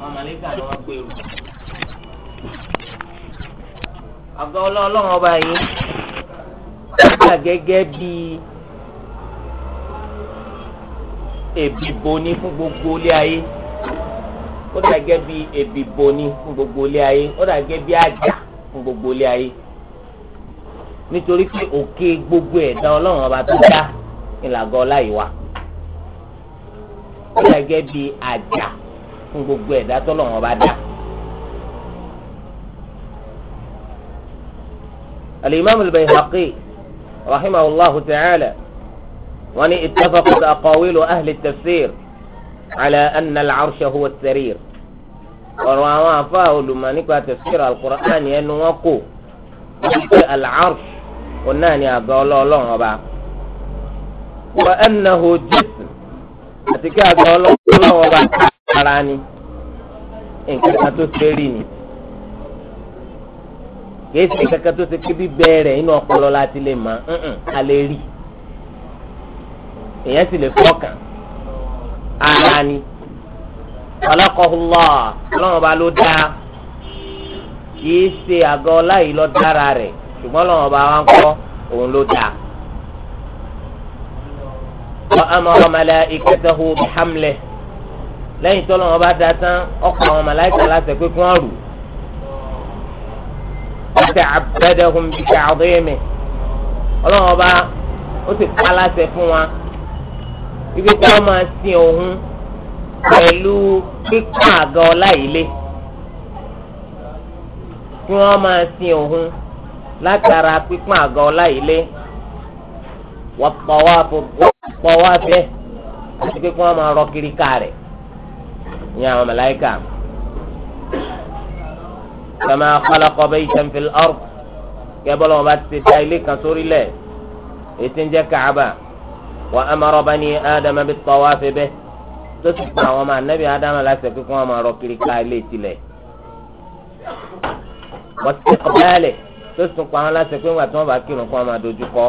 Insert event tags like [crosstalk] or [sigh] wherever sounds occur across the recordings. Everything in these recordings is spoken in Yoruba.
wọn màlẹ́kà ni wọ́n gbèrú. àgọ́ ọlọ́run ọba yìí dàgbà gẹ́gẹ́ bí èbìboni fún gbogbo ilé ayé ó dà gẹ́gẹ́ bí èbìboni fún gbogbo ilé ayé ó dà gẹ́gẹ́ bí àjà fún gbogbo ilé ayé nítorí pé òkè gbogbo ẹ̀dá ọlọ́run ọba tó dá ìlàgọ́ ọláyìí wa ó gẹ́gẹ́ bí àjà fún gbogbo ẹ̀dá tọ́lọ́run bá dá. الإمام البيهقي رحمه الله تعالى وأن اتفقت أقاويل أهل التفسير على أن العرش هو السرير ọ̀rọ̀ àwọn afáàwọ̀ olùmọ̀ nípa tafsir al-Qur'an ni ẹnu wọn kò wípé al-arsh òun náà ni àga ọlọ́ọ̀lọ́run ọba. wa annahu jism àti kí àgbà ọlọ́wọ́ bá ara ni nǹkan kan tó ṣe rí ni kìí ṣe nǹkan kan tó ṣe kébí bẹ́ẹ̀rẹ̀ inú ọpọlọ láti lè mọ a lè rí èèyàn sì lè fọkàn ara ni ọlọ́kọ̀ọ́lọ́ ọlọ́wọ́n bá ló dáa kìí ṣe àgọ́ ọláyìí lọ dára rẹ̀ ṣùgbọ́n ọlọ́wọ́n bá wá ń kọ́ òun ló dáa wa amara malaikatahu bihamlih lẹ́yìn tọ́lọ́ wọn bá da tán ọkọ̀ àwọn màláìka láti pé kí wọ́n rù láti abadahum bíkẹ́ àdéhìmì ọlọ́wọ́n bá ó sì pa láti fún wa ibi tí wọ́n máa sin òun pẹ̀lú pípa àga ọlá ilé kí wọ́n máa sin òun látara pípa àga ọlá ilé wọ́n pọ̀wá fẹ́ àti pé kí wọ́n máa rọ kiri ká rẹ̀ ní àwọn màláíkà. kama khalaqa baytan fil ard kẹ́bọ́lá wọn bá ti ta ilé kan sórí lẹ̀ ètí ń jẹ́ Kaaba wa amara bani Adama bit-tawaf bih tó sì pa àwọn ọmọ anabi Adama láti pé kí wọ́n máa rọ kiri ká tilẹ̀. wọ́n ti kọ́ báyà lẹ̀ tó sì pa àwọn láti pé wọ́n bá kírun kí wọ́n máa dojú kọ́.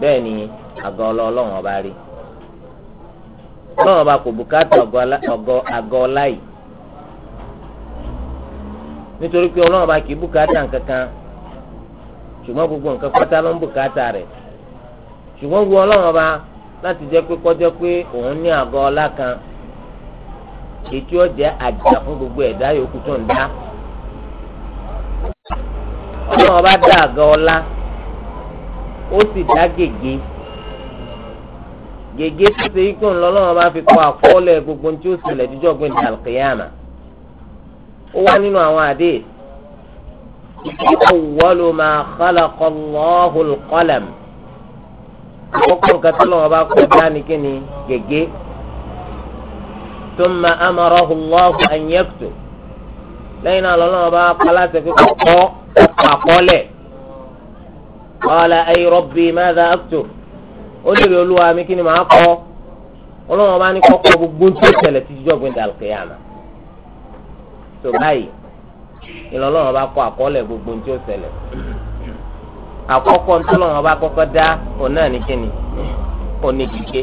bẹ́ẹ̀ ni àgọ́ ọlọ́run ọba rí ọlọ́run ọba kò bùkátà àgọ́ ọlá yìí nítorí pé ọlọ́run ọba kì í bùkátà nǹkankan ṣùgbọ́n gbogbo nǹkan pátá ló ń bùkátà rẹ̀ ṣùgbọ́n ọlọ́run ọba láti jẹ́ pé kan ètí àjà gbogbo ẹ̀dá yòókù tó ń dá ọlọ́run ọba dá ó sì dá gègé gègé tó ṣe ikú ńlọ́lọ́wọ́ bá fi kọ àkọọ́lẹ̀ gbogbo tí ó ṣẹlẹ̀ díjọ́ gbé ní alkiyama ó wá nínú àwọn àdé awwalu ma khalaqa Allahu al-qalam àkọ́kọ́ nǹkan tí lọ́wọ́ bá kọ dá ní kíni gègé thumma amarahu Allahu an yaktub lẹ́yìn náà lọ́lọ́wọ́ bá kọ́ láti fi kọ́ àkọọ́lẹ̀ qala ay rabbi madha aktub ó lérè olúwa mi kí ni màá kọ ọlọ́run bá ní kọ́kọ́ gbogbo tó tẹ̀lẹ̀ tí jíjọ́ gbé dàlùkìyàmà tó báyìí ìlọlọ́run bá kọ àkọọ́lẹ̀ gbogbo tí ó ṣẹlẹ̀ àkọ́kọ́ ntọ́lọ́run bá kọ́kọ́ dá òun náà ní kíni òní kíké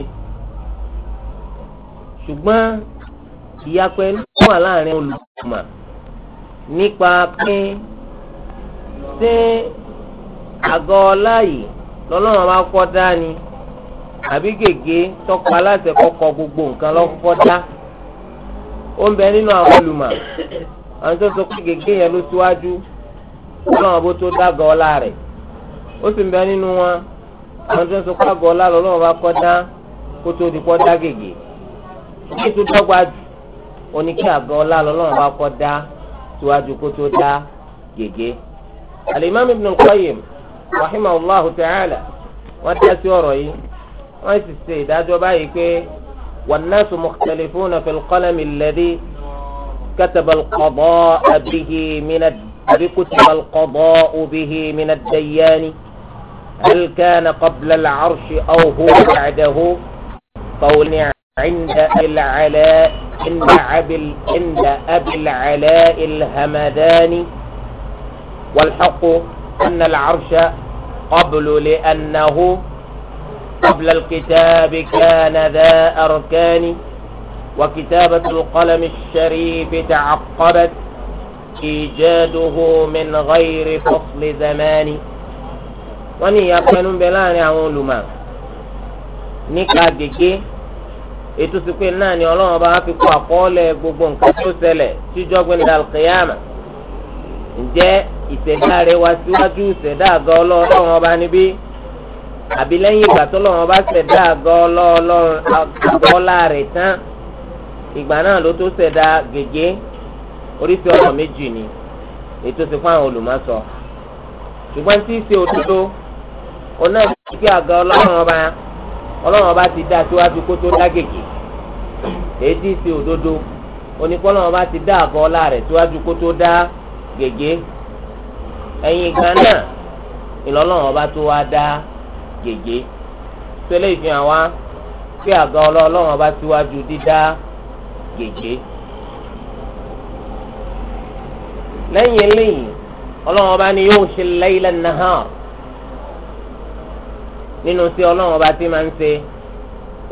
ṣùgbọ́n ìyapẹ́ ló wà láàrin olùkùmà nípa pé ṣé àgọ́ ọlá yìí lọ́lọ́run bá kọ́ dání àbí gègé tọ́pọ̀ aláṣẹ kọ́kọ́ gbogbo nǹkan lọ́kọ́ dá ó ń bẹ nínú àwọn olùmọ̀ àwọn tó sọ pé gègé yẹn ló síwájú lọ́wọ́n bó tó dágọ̀ ọlá rẹ̀ ó sì ń bẹ nínú wọn àwọn tó sọ pé àgọ́ ọlá lọ́wọ́n bá kọ́ dá kó tó di kọ́ dá gègé kí tó dọ́gba jù ó kí àgọ́ ọlá lọ́wọ́n bá kọ́ dá síwájú kó tó dá gègé. Al-Imam Ibn Qayyim allah ta'ala won ti dá sí ọ̀rọ̀ yìí wọ́n sì ṣe ìdájọ́ báyìí pé wan-nasu mukhtalifuna fil-qalami alladhi kataba al-qada'a abihi mina àbí obihi mina dayani bihi min ad-dayyani hal kana qabla al-'arshi aw huwa ba'dahu qawlun 'inda al-'ala' عند أبي العلاء الهمداني أن العرش قبل لأنه قبل الكتاب كان ذا أركان وكتابة القلم الشريف تعقبت إيجاده من غير فصل زمان وني يقنون بلاني عون لما نكا جيجي ètùsùpé náà ni ọlọ́run bá fi kó àkọọ́lẹ̀ gbogbo nǹkan tó ṣẹlẹ̀ tíjọ́ gbẹ̀ndàlùkìyàmà ìṣẹ̀dá rẹ̀ wá síwájú ìṣẹ̀dá àgọ́ ọlọ́run ọba níbí àbí lẹ́yìn ìgbà tó lọ́wọ́ bá ṣẹ̀dá àgọ́ ọlọ́run àgọ́lá rẹ̀ tán ìgbà náà ló tó ṣẹ̀dá gègé oríṣi ọ̀nà méjì ni ètò ìsìnkú àwọn olùmọ̀sọ ṣùgbọ́n tí í ṣe òdodo ọ̀nà ìṣẹ̀dá àgọ́ ọlọ́run ọba ọlọ́run ọba ti dá síwájú kó tó dá gègé èyí tí í ṣe òdodo onípọ́lọ́run ọba ti dá àgọ́ ọlá rẹ̀ síwájú kó tó dá gègé ẹ̀yìn kan náà ìlọ́lọ́run ọba tó wá dá gègé tẹ́lẹ̀ ìfihàn wa pé àga ọlọ́run ọba síwájú dídá gègé. lẹ́yìn eléyìí ọlọ́run ọba ni yóò ṣe layla nahar nínú tí ọlọ́run ọba ti máa ń ṣe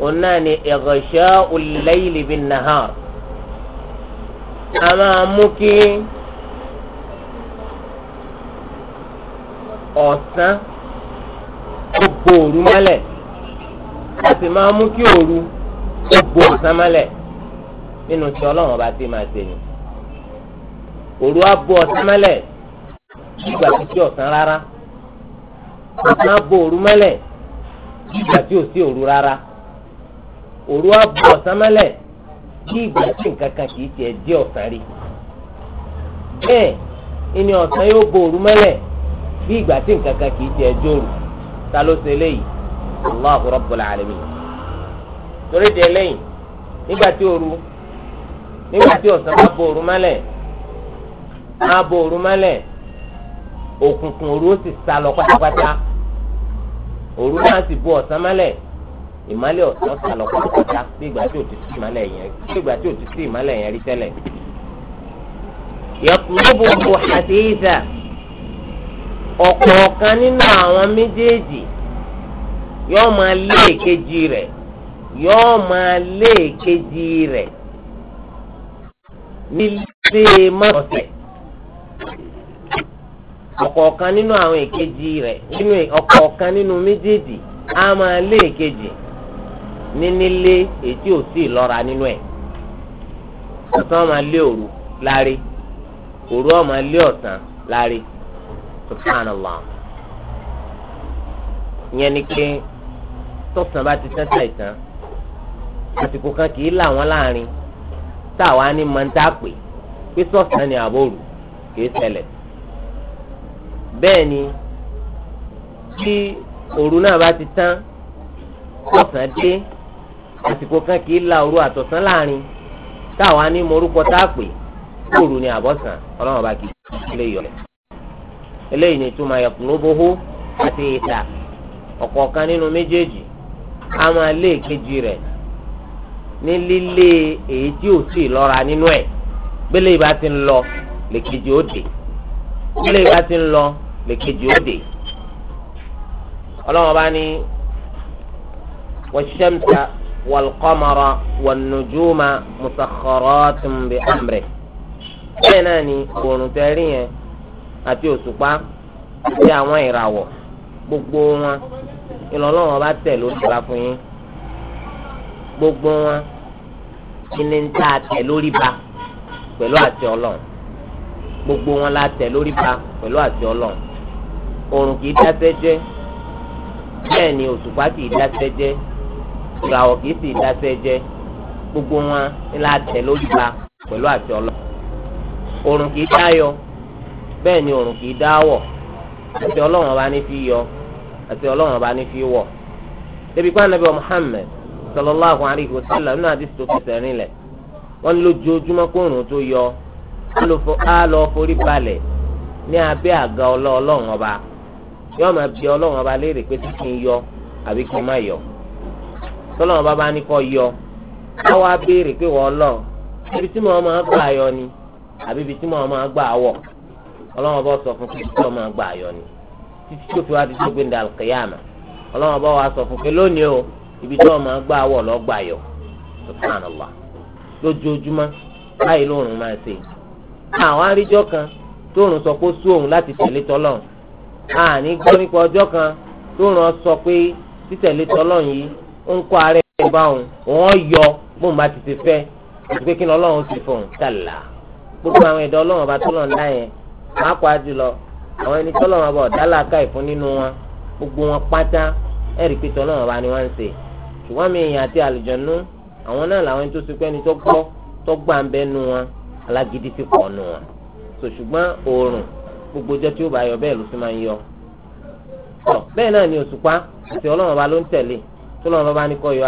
òun náà ni igsha'ul layli bin nahar a máa mú kí. ọ̀sán ó bo òru mọ́lẹ̀ a sì máa mú kí òru nínú tí ọlọ́run ọba ti máa ṣe ni òru bo ọ̀sán nígbà tí kí ọ̀sán rárá bo òru mọ́lẹ̀ nígbà tí ò bo ìgbà tí nǹkan kan kì í tiẹ̀ dé ọ̀sán bo òru bí ìgbà tí nǹkan kan kì í jẹ jóòrù ta ló ṣe léyìí Allahu Rabbul Alamin torí di nígbà tí òru nígbà tí ọ̀sán bá bo òru mọ́lẹ̀ máa bo òru mọ́lẹ̀ òkùnkùn òru ó sì sá lọ pátápátá sì bo ọ̀sán mọ́lẹ̀ ìmọ́lẹ̀ ọ̀sán lọ pátápátá bí ìgbà tí ìmọ́lẹ̀ yẹn bí ìgbà tí ìmọ́lẹ̀ yẹn rí tẹ́lẹ̀. ọ̀kọ̀ọ̀kan nínú àwọn méjèèjì yọ́ máa lé èkejì rẹ̀ yọ́ máa lé èkejì rẹ̀ nílé mọ́tẹ̀ ọ̀kọ̀ọ̀kan nínú àwọn èkejì rẹ̀ nínú ọ̀kọ̀ọ̀kan nínú méjèèjì á máa lé èkejì ní nílé èyí tí ò sí ìlọ́ra nínú ẹ̀ ọ̀sán máa lé òru láre òru ọ̀ máa lé ọ̀sán láre. subhanallah ìyẹn ni pé tọ́sán bá ti tán tàìsàn àsìkò kan kì í là wọ́n láàrin táwa ní mọ̀ntà pé pé ni àbòrò kì í ṣẹlẹ̀ bẹ́ẹ̀ ni tí òru náà bá ti tán sọ̀sán dé àsìkò kan kì í la òru àtọ̀sán láàrin táwa ní morúkọ tá a pè òru ni àbọ̀sán ọlọ́run bá kì í lè yọlẹ̀ eléyìí ni túmọ̀ yaqlubuhu àti ìta ọ̀kọ̀ọ̀kan nínú méjèèjì a máa lé èkejì rẹ̀ ní lílé èyí tí ò sì lọ́ra nínú ẹ̀ gbélé ìbá ti ń lọ lèkejì ó dé gbélé ìbá ti ń lọ lèkejì ó dé ọlọ́wọ́n bá ní wash-shamsa wal-qamara wan-nujuma bẹ́ẹ̀ náà ni oòrùn tẹ́rí yẹn àti òṣùpá àti àwọn ìràwọ̀ gbogbo wọn ìrànlọ́wọ́ bá tẹ̀ ló nira fún yín gbogbo wọn kíni ń tà tẹ̀ lórí ba pẹ̀lú àti ọlọ́run gbogbo wọn la tẹ̀ lórí ba pẹ̀lú àti ọlọ́run oòrùn kìí dáṣẹ́ jẹ́ bẹ́ẹ̀ ni òṣùpá kìí dáṣẹ́ jẹ́ ìràwọ̀ kìí sì dáṣẹ́ jẹ́ gbogbo wọn la tẹ̀ lórí ba pẹ̀lú àti ọlọ́run oòrùn kìí dáyọ bẹ́ẹ̀ ni òrùn kìí dáwọ̀ àti ọlọ́run ọba ní fi yọ àti ọlọ́run ọba ní fi wọ̀ débi pa anabi Muhammad sallallahu alayhi wa sallam ti tó fẹsẹ̀ rinlẹ̀ wọ́n lójoojúmọ́ kóòrùn tó yọ á lọ forí balẹ̀ ní abẹ́ àga ọlọ́run ọba máa ọlọ́run ọba léèrè pé kí n yọ àbí kí n má yọ tọ́lọ́run ọlọ́wọ́n bá sọ fún pé títí ọmọ àgbà ayọ̀ ni títí tó fi wá ti tó gbẹ̀ndà àlùkìyàmà ọlọ́wọ́n bá wà sọ fún pé lónìí o ibi tí ọmọ àgbà wọ̀ lọ́gbà ayọ̀ subhanallah lójoojúmọ́ báyìí lóòrùn máa ṣe àwọn àríjọ kan tóòrùn sọ pé ó sú òun láti tẹ̀lé tọ́lọ́run àní gbọ́ nípa ọjọ́ kan tóòrùn sọ pé títẹ̀lé tọ́lọ́run yìí ó ń kó ara ẹ̀ bá òun òun yọ bóun máa pa jùlọ àwọn ẹni tọ́lọ̀ wọn bọ̀ dálàkà ìfún nínú wọn gbogbo wọn pátá ẹ̀rí pé tọ́lọ̀ wọn bá ni wọ́n ń ṣe ṣùgbọ́n mi èèyàn àti àlùjọ̀nú àwọn náà làwọn tó ṣe pé tó gbọ́ tó gbà ń bẹ́ nu wọn alágídí ti pọ̀ nu wọn so ṣùgbọ́n oòrùn gbogbo ọjọ́ tí ó bá yọ bẹ́ẹ̀ ló sì máa ń yọ bẹ́ẹ̀ náà ni òṣùpá àti ọlọ́run ọba ló ń tẹ̀lé tọ́lọ́run bá ní kọ́ yọ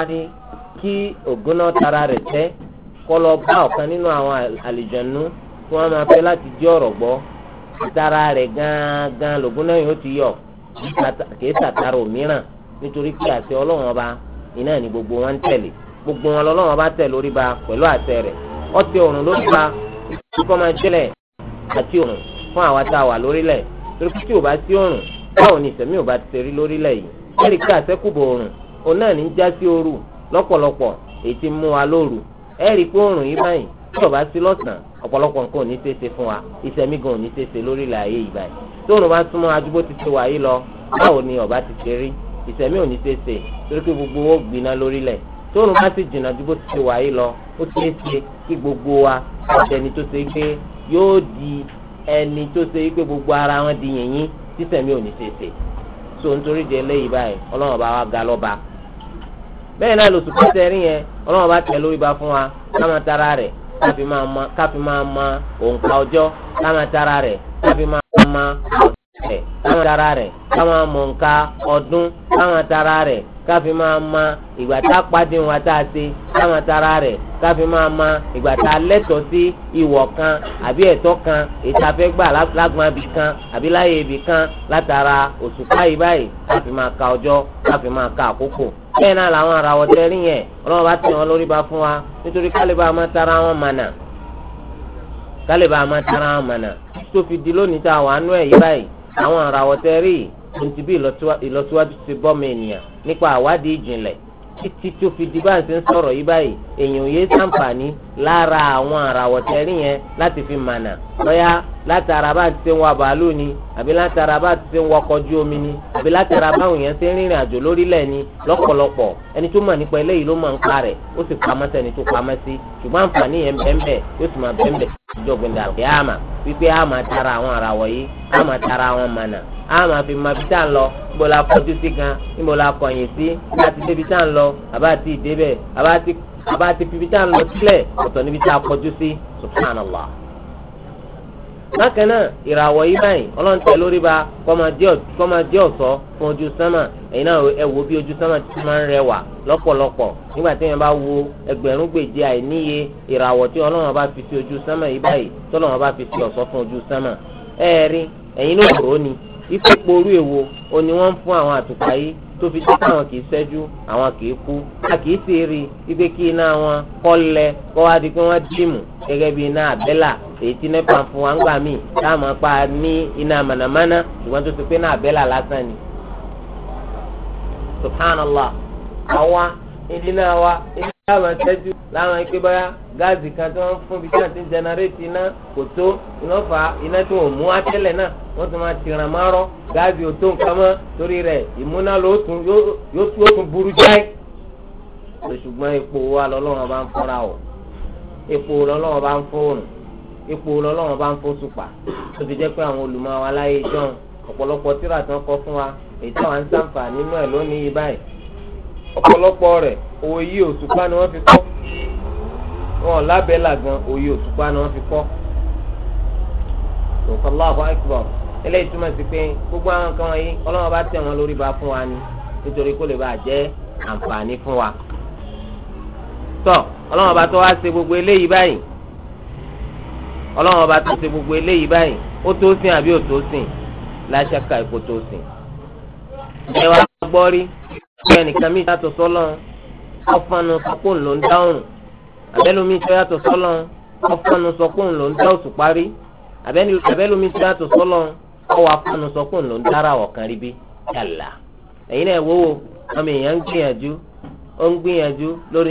ayọ kí ògùn náà tara rẹ̀ tẹ́ kọ́ lọ bá ọ̀kan nínú àwọn àlìjẹ̀nu tí wọ́n máa fẹ́ láti jí ọ̀rọ̀ gbọ́ tara rẹ̀ gángan lògùn náà yóò ti yọ kìí sàtara òmíràn nítorí pé àṣẹ ọlọ́run ọba iná ni gbogbo wọn ń tẹ̀lé gbogbo wọn lọ́lọ́run ọba tẹ̀ lórí ba pẹ̀lú àṣẹ rẹ̀ ọtí òrùn lórí ba kíkọ́ máa jẹ́lẹ̀ àti òrùn fún àwa tá a wà lórílẹ̀ torí pé tí ò bá sí òrùn báwo ni ìsẹ̀mí ò bá ti ṣe rí lórílẹ̀ yìí ẹ̀rí pé àṣẹ́kùbọ̀ òrùn òun náà ní já sí òru lọ́pọ̀lọpọ̀ ètí mú wa lóru ẹ rí i pé oòrùn yìí báyìí tí ọba sí lọ́sàn ọ̀pọ̀lọpọ̀ nǹkan ò ní ṣe é ṣe fún wa ìṣẹ̀mí gan ò ní ṣe é ṣe lórí ilẹ̀ ayé yìí tí oòrùn bá súnmọ́ adúgbò ti ṣe wáyé lọ báwo ni ọba ti ṣe rí ìṣẹ̀mí ò ní ṣe é ṣe torí pé gbogbo owó gbiná lórílẹ̀ tí oòrùn bá sì jìnnà ju bó ti ṣe wáyé lọ ó ti ṣe kí gbogbo wa àtẹni tó ṣe pé yóò di ẹni tó ṣe pé gbogbo ara wọn di yìnyín tí ìṣẹ̀mí ò ní ṣe é ṣe so nítorí di eléyìí báyìí ọlọ́run bá wa ga lọ́ba bẹ́ẹ̀ náà lòsùn kọ́ sẹ́rí yẹn ọlọ́run bá tẹ̀ lórí ba fún wa káma tara rẹ̀ káfi máa ma káfi máa ma òǹkà ọjọ́ káma tara rẹ̀ káfi máa ma ọ̀sẹ̀ káma tara rẹ̀ káma mọ̀ òǹkà ọdún káma tara rẹ̀ káfi máa ma ìgbà tá a pàdé wa tá a ṣe káma tara rẹ̀ káfi máa ma ìgbà tá a lẹ́tọ̀ọ́ sí ìwọ̀ kan àbí ẹ̀tọ́ kan ìtafẹ́ gbà lágbọ́n ibì kan àbí láyé ibì kan látara òṣùpá yìí káfi máa ka ọjọ́ káfi máa ka àkókò bẹ́ẹ̀ náà làwọn àràwọ̀ tẹ́rí yẹn ọlọ́run bá tẹ̀ wọ́n lórí ba fún wa nítorí kálíbà máa tara wọn mànà kálíbà máa tara wọn mànà tó fi di lónìí tá a wà nú ẹ̀ yí báyìí àwọn àràwọ̀ tẹ́rí tuntun bí ìlọsíwájú ti bọ́ mi ènìyàn nípa àwádìí ìjìnlẹ̀ títí tó fi di báyìí ṣe ń sọ̀rọ̀ yí báyìí èèyàn yé sàǹfààní lára àwọn àràwọ̀ tẹ́rí yẹn láti fi mànà lọ́yà látara bá ti ń wa bàálù ni àbí látara bá ti ń wakọ̀ ojú omi ni àbí látara báwọn èèyàn ti ń rìnrìn àjò lórílẹ̀ ni lọ́pọ̀lọpọ̀ ẹni tó mọ̀ nípa eléyìí ló mọ̀ ń pa rẹ̀ ó sì pamọ́ sẹ́ni tó pamọ́ sí ṣùgbọ́n àǹfààní yẹn bẹ́ẹ̀nbẹ́ẹ̀ yóò sì máa bẹ́ẹ̀nbẹ́ẹ̀ ìjọgbìn dàrú. ìyá àmà wípé a máa tara àwọn ara wọ̀nyí a tara àwọn mànà a fi máa fi tá lọ níbo la kọjú sí gan níbo la kọ̀yìn sí láti débi tá lọ àbá àti ìdébẹ̀ àbá àti fi ibi tá lọ sílẹ̀ ọ̀tọ̀ níbi tá a kọjú sí subhanallah bákan náà ìràwọ̀ yìí báyìí ọlọ́run tẹ lórí ba kọ́ máa jẹ́ ọ̀ṣọ́ fún ojú sánmà ẹ̀yin náà ẹ wo bí ojú sánmà ti máa ń rẹwà lọ́pọ̀lọpọ̀ nígbà tí yẹn bá wo ẹgbẹ̀rún gbèje àìníye ìràwọ̀ tí ọlọ́run bá fi sí ojú sánmà yìí báyìí tọ́lọ́run bá fi sí ọ̀ṣọ́ fún ojú sánmà ẹ rí ẹ̀yin ló rò ó ni ìfipò orú èwo o ni wọ́n ń fún àwọn àtùpà yìí tó fi jẹ́ káwọn kì í ṣẹ́jú àwọn kì í kú a kì í sì rí i kí iná wọn kọ́ lẹ kọ́ wá di pé wọ́n dìmù gẹ́gẹ́ bí iná àbẹ́là èyí tí nẹ́pà fún wa ń gbà mí táwọn apá ní iná mànàmáná ṣùgbọ́n tó ti pé náà bẹ́là lásán ni. subhanallah àwa ìdínà wa ìdínà wa tẹ́jú láwọn ike báyà gáàsì kan tí wọ́n fún bí tí wọ́n ti ń jẹnẹrétì iná kò tó iná fa iná tí wọ́n mú atẹ́lẹ̀ náà wọ́n ti máa tìràn márọ́ gáàsì ò tó nǹkan mọ́ torí rẹ̀ ìmúná yóò tún burú jáì. ṣùgbọ́n epo wa lọ́lọ́run bá ń fọ́ra o epo lọ́lọ́run bá ń fọ́rùn ipò lọ́lọ́run bá ń fó sùpà tó fi jẹ́ pé àwọn olùmọ̀ àwọn aláyé jọ̀hún ọ̀pọ̀lọpọ̀ tíra tí wọ́n kọ fún wa èyí táwọn ń sàǹfà nínú ẹ̀ lónìí yìí báyìí ọ̀pọ̀lọpọ̀ rẹ̀ òye òṣùpá ni wọ́n fi kọ́ wọn lábẹ́ làgàn òye òṣùpá ni wọ́n fi kọ́ Allahu Akbar eléyìí túmọ̀ sí pé gbogbo àwọn kan wọ̀nyí ọlọ́run bá tẹ̀ wọn lórí ba fún wa ni nítorí kó lè bá jẹ́ àǹfààní fún wa tọ́ ọlọ́run bá tó wá ṣe gbogbo eléyìí báyìí ọlọ́run ọba tó ṣe gbogbo eléyìí báyìí ó tó sìn àbí ó tó sìn láṣàkà èkó tó sìn. ẹ wá gbọ́ rí bí ẹnìkan mi yàtọ̀ sọ́lọ́ ọ̀fọ̀nù sọ́kò ńlò ń dáhùn àbẹ́lómi tó yàtọ̀ sọ́lọ́ ọ̀fọ̀nù sọ́kò ńlò ń dá òsù parí àbẹ́lómi tó yàtọ̀ sọ́lọ́ ọwọ́ afọ̀nù sọ́kò ńlò ń dára ọ̀kan ríbi yàlá. ẹ̀yin náà wọ́wọ́ ọmọ èèyàn ń gbìyànjú ó ń gbìyànjú lórí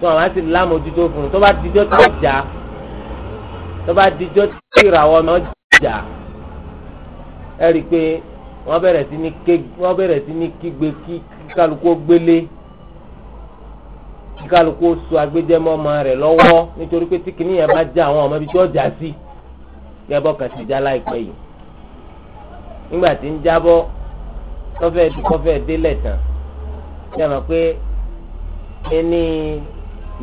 tó àwọn àti lámòjútó fún un tó bá dijọ́ tó jà tó bá dijọ́ tó ìràwọ̀ náà jà ẹ rí i pé wọ́n bẹ̀rẹ̀ sí ní ké wọ́n bẹ̀rẹ̀ sí ní kígbe kí kálukú gbélé kí kálukú so agbẹjẹmọ ọmọ rẹ̀ lọ́wọ́ nítorí pé tí yẹn bá já àwọn ọmọ ibi tí wọ́n jà sí gẹ́gẹ́ bọ́ kàtí já láìpẹ́ yìí nígbà tí ń jábọ́ kọ́fẹ́ kọ́fẹ́ délẹ̀ tán ṣe é mọ̀ pé ẹni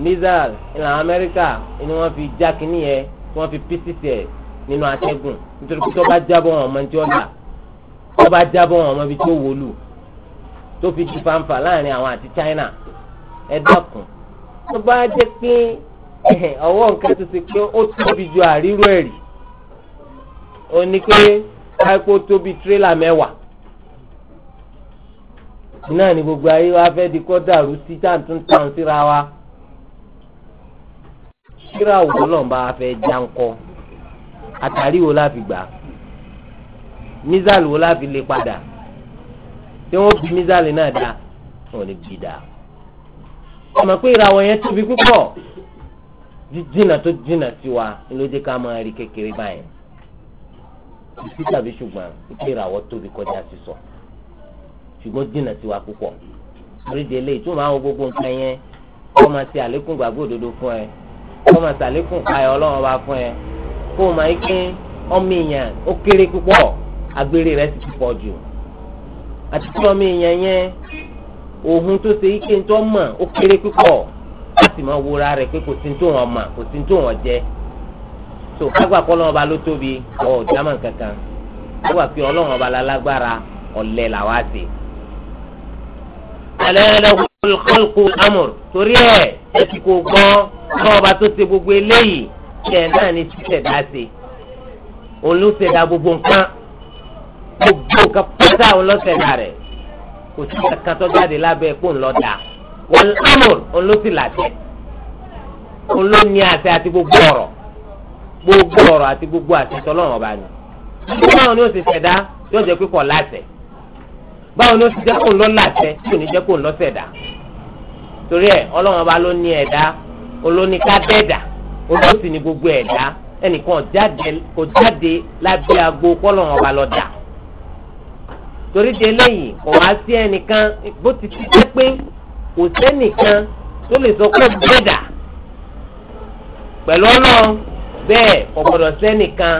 mizal ìlànà amẹ́ríkà ni wọ́n fi já kínní yẹn tí wọ́n fi písìsì ẹ̀ nínú atẹ́gùn nítorí pé tó bá jábọ̀ wọn ọmọ tí ó là tó bá jábọ̀ wọn ọmọ ibi tí ó wò lù tó fi di fanfa láàrin àwọn àti China ẹ dákun tó bá jẹ́ pé ọwọ́ nǹkan tó ṣe pé ó tóbi ju àríró ẹ̀rí ó ní pé káíkó tóbi tírélà mẹ́wàá náà ni gbogbo ayé wa fẹ́ di kọ́ dàrú sí táǹtúntàn síra wa kíra àwùjọ náà bá fẹ́ jánkọ́ àtàrí wo la fi gbà mísàlì wo la fi lè padà tí wọ́n bí mísàlì náà dá wọn lè bí dá ọmọ pé ìràwọ̀ yẹn tóbi púpọ̀ jíjìnà tó jìnà sí wa ló jẹ́ ká máa rí kékeré báyìí ìsí tàbí ṣùgbọ́n ìpè ìràwọ̀ tóbi kọjá sísọ ṣùgbọ́n jìnà sí wa púpọ̀ orí de eléyìí tó máa ń wo gbogbo nǹkan yẹn kó máa ṣe àlékún gbàgbọ́ òdodo fún ẹ kó máa sàlékún ayọ̀ ọlọ́run fún ẹ kó o máa yí pé ọmọ èèyàn ó kéré púpọ̀ agbèrè rẹ sì ti pọ̀ jù àti ọmọ yẹn òhun tó ṣe ike tó mọ̀ ó kéré púpọ̀ ó pé kò sí tó wọn mọ̀ kò sí tó kankan kágbà pé ọlọ́run ọba lálágbára làwa ọlọ́run ọba tó ṣe gbogbo eléyìí tiẹ̀ náà ni ṣẹ̀dá ṣe òun ló ṣẹ̀dá gbogbo nǹkan gbogbo nǹkan pátá òun ló ṣẹ̀dá rẹ̀ kò sí kankan tó jáde lábẹ́ pò ń lọ dà wọ́n lámùr òun ló sì làṣẹ òun ló ní àṣẹ àti gbogbo ọ̀rọ̀ gbogbo ọ̀rọ̀ àti gbogbo àṣẹ tọ́lọ́run ọba ni báwo ni ó ti ṣẹ̀dá yóò jẹ́ pípọ̀ láṣẹ báwo ni ó ti jẹ́ kó ń lọ láṣẹ tí ò ní jẹ́ kó ń lọ ṣẹ̀dá torí ẹ̀ ọlọ́run ọba ló ní ẹ̀dá olóníká dẹ́dà olóòsì ni gbogbo ẹ̀dá ẹnìkan kò jáde lábẹ́ agbo kọ́lọ́run ọba lọ́dà torí di eléyìí kò wá sí ẹnìkan bó ti ti jẹ́ pé kò sẹ́nìkan tó lè sọ pé dẹ́dà pẹ̀lú ọlọ́run bẹ́ẹ̀ kò gbọ́dọ̀ sẹ́nìkan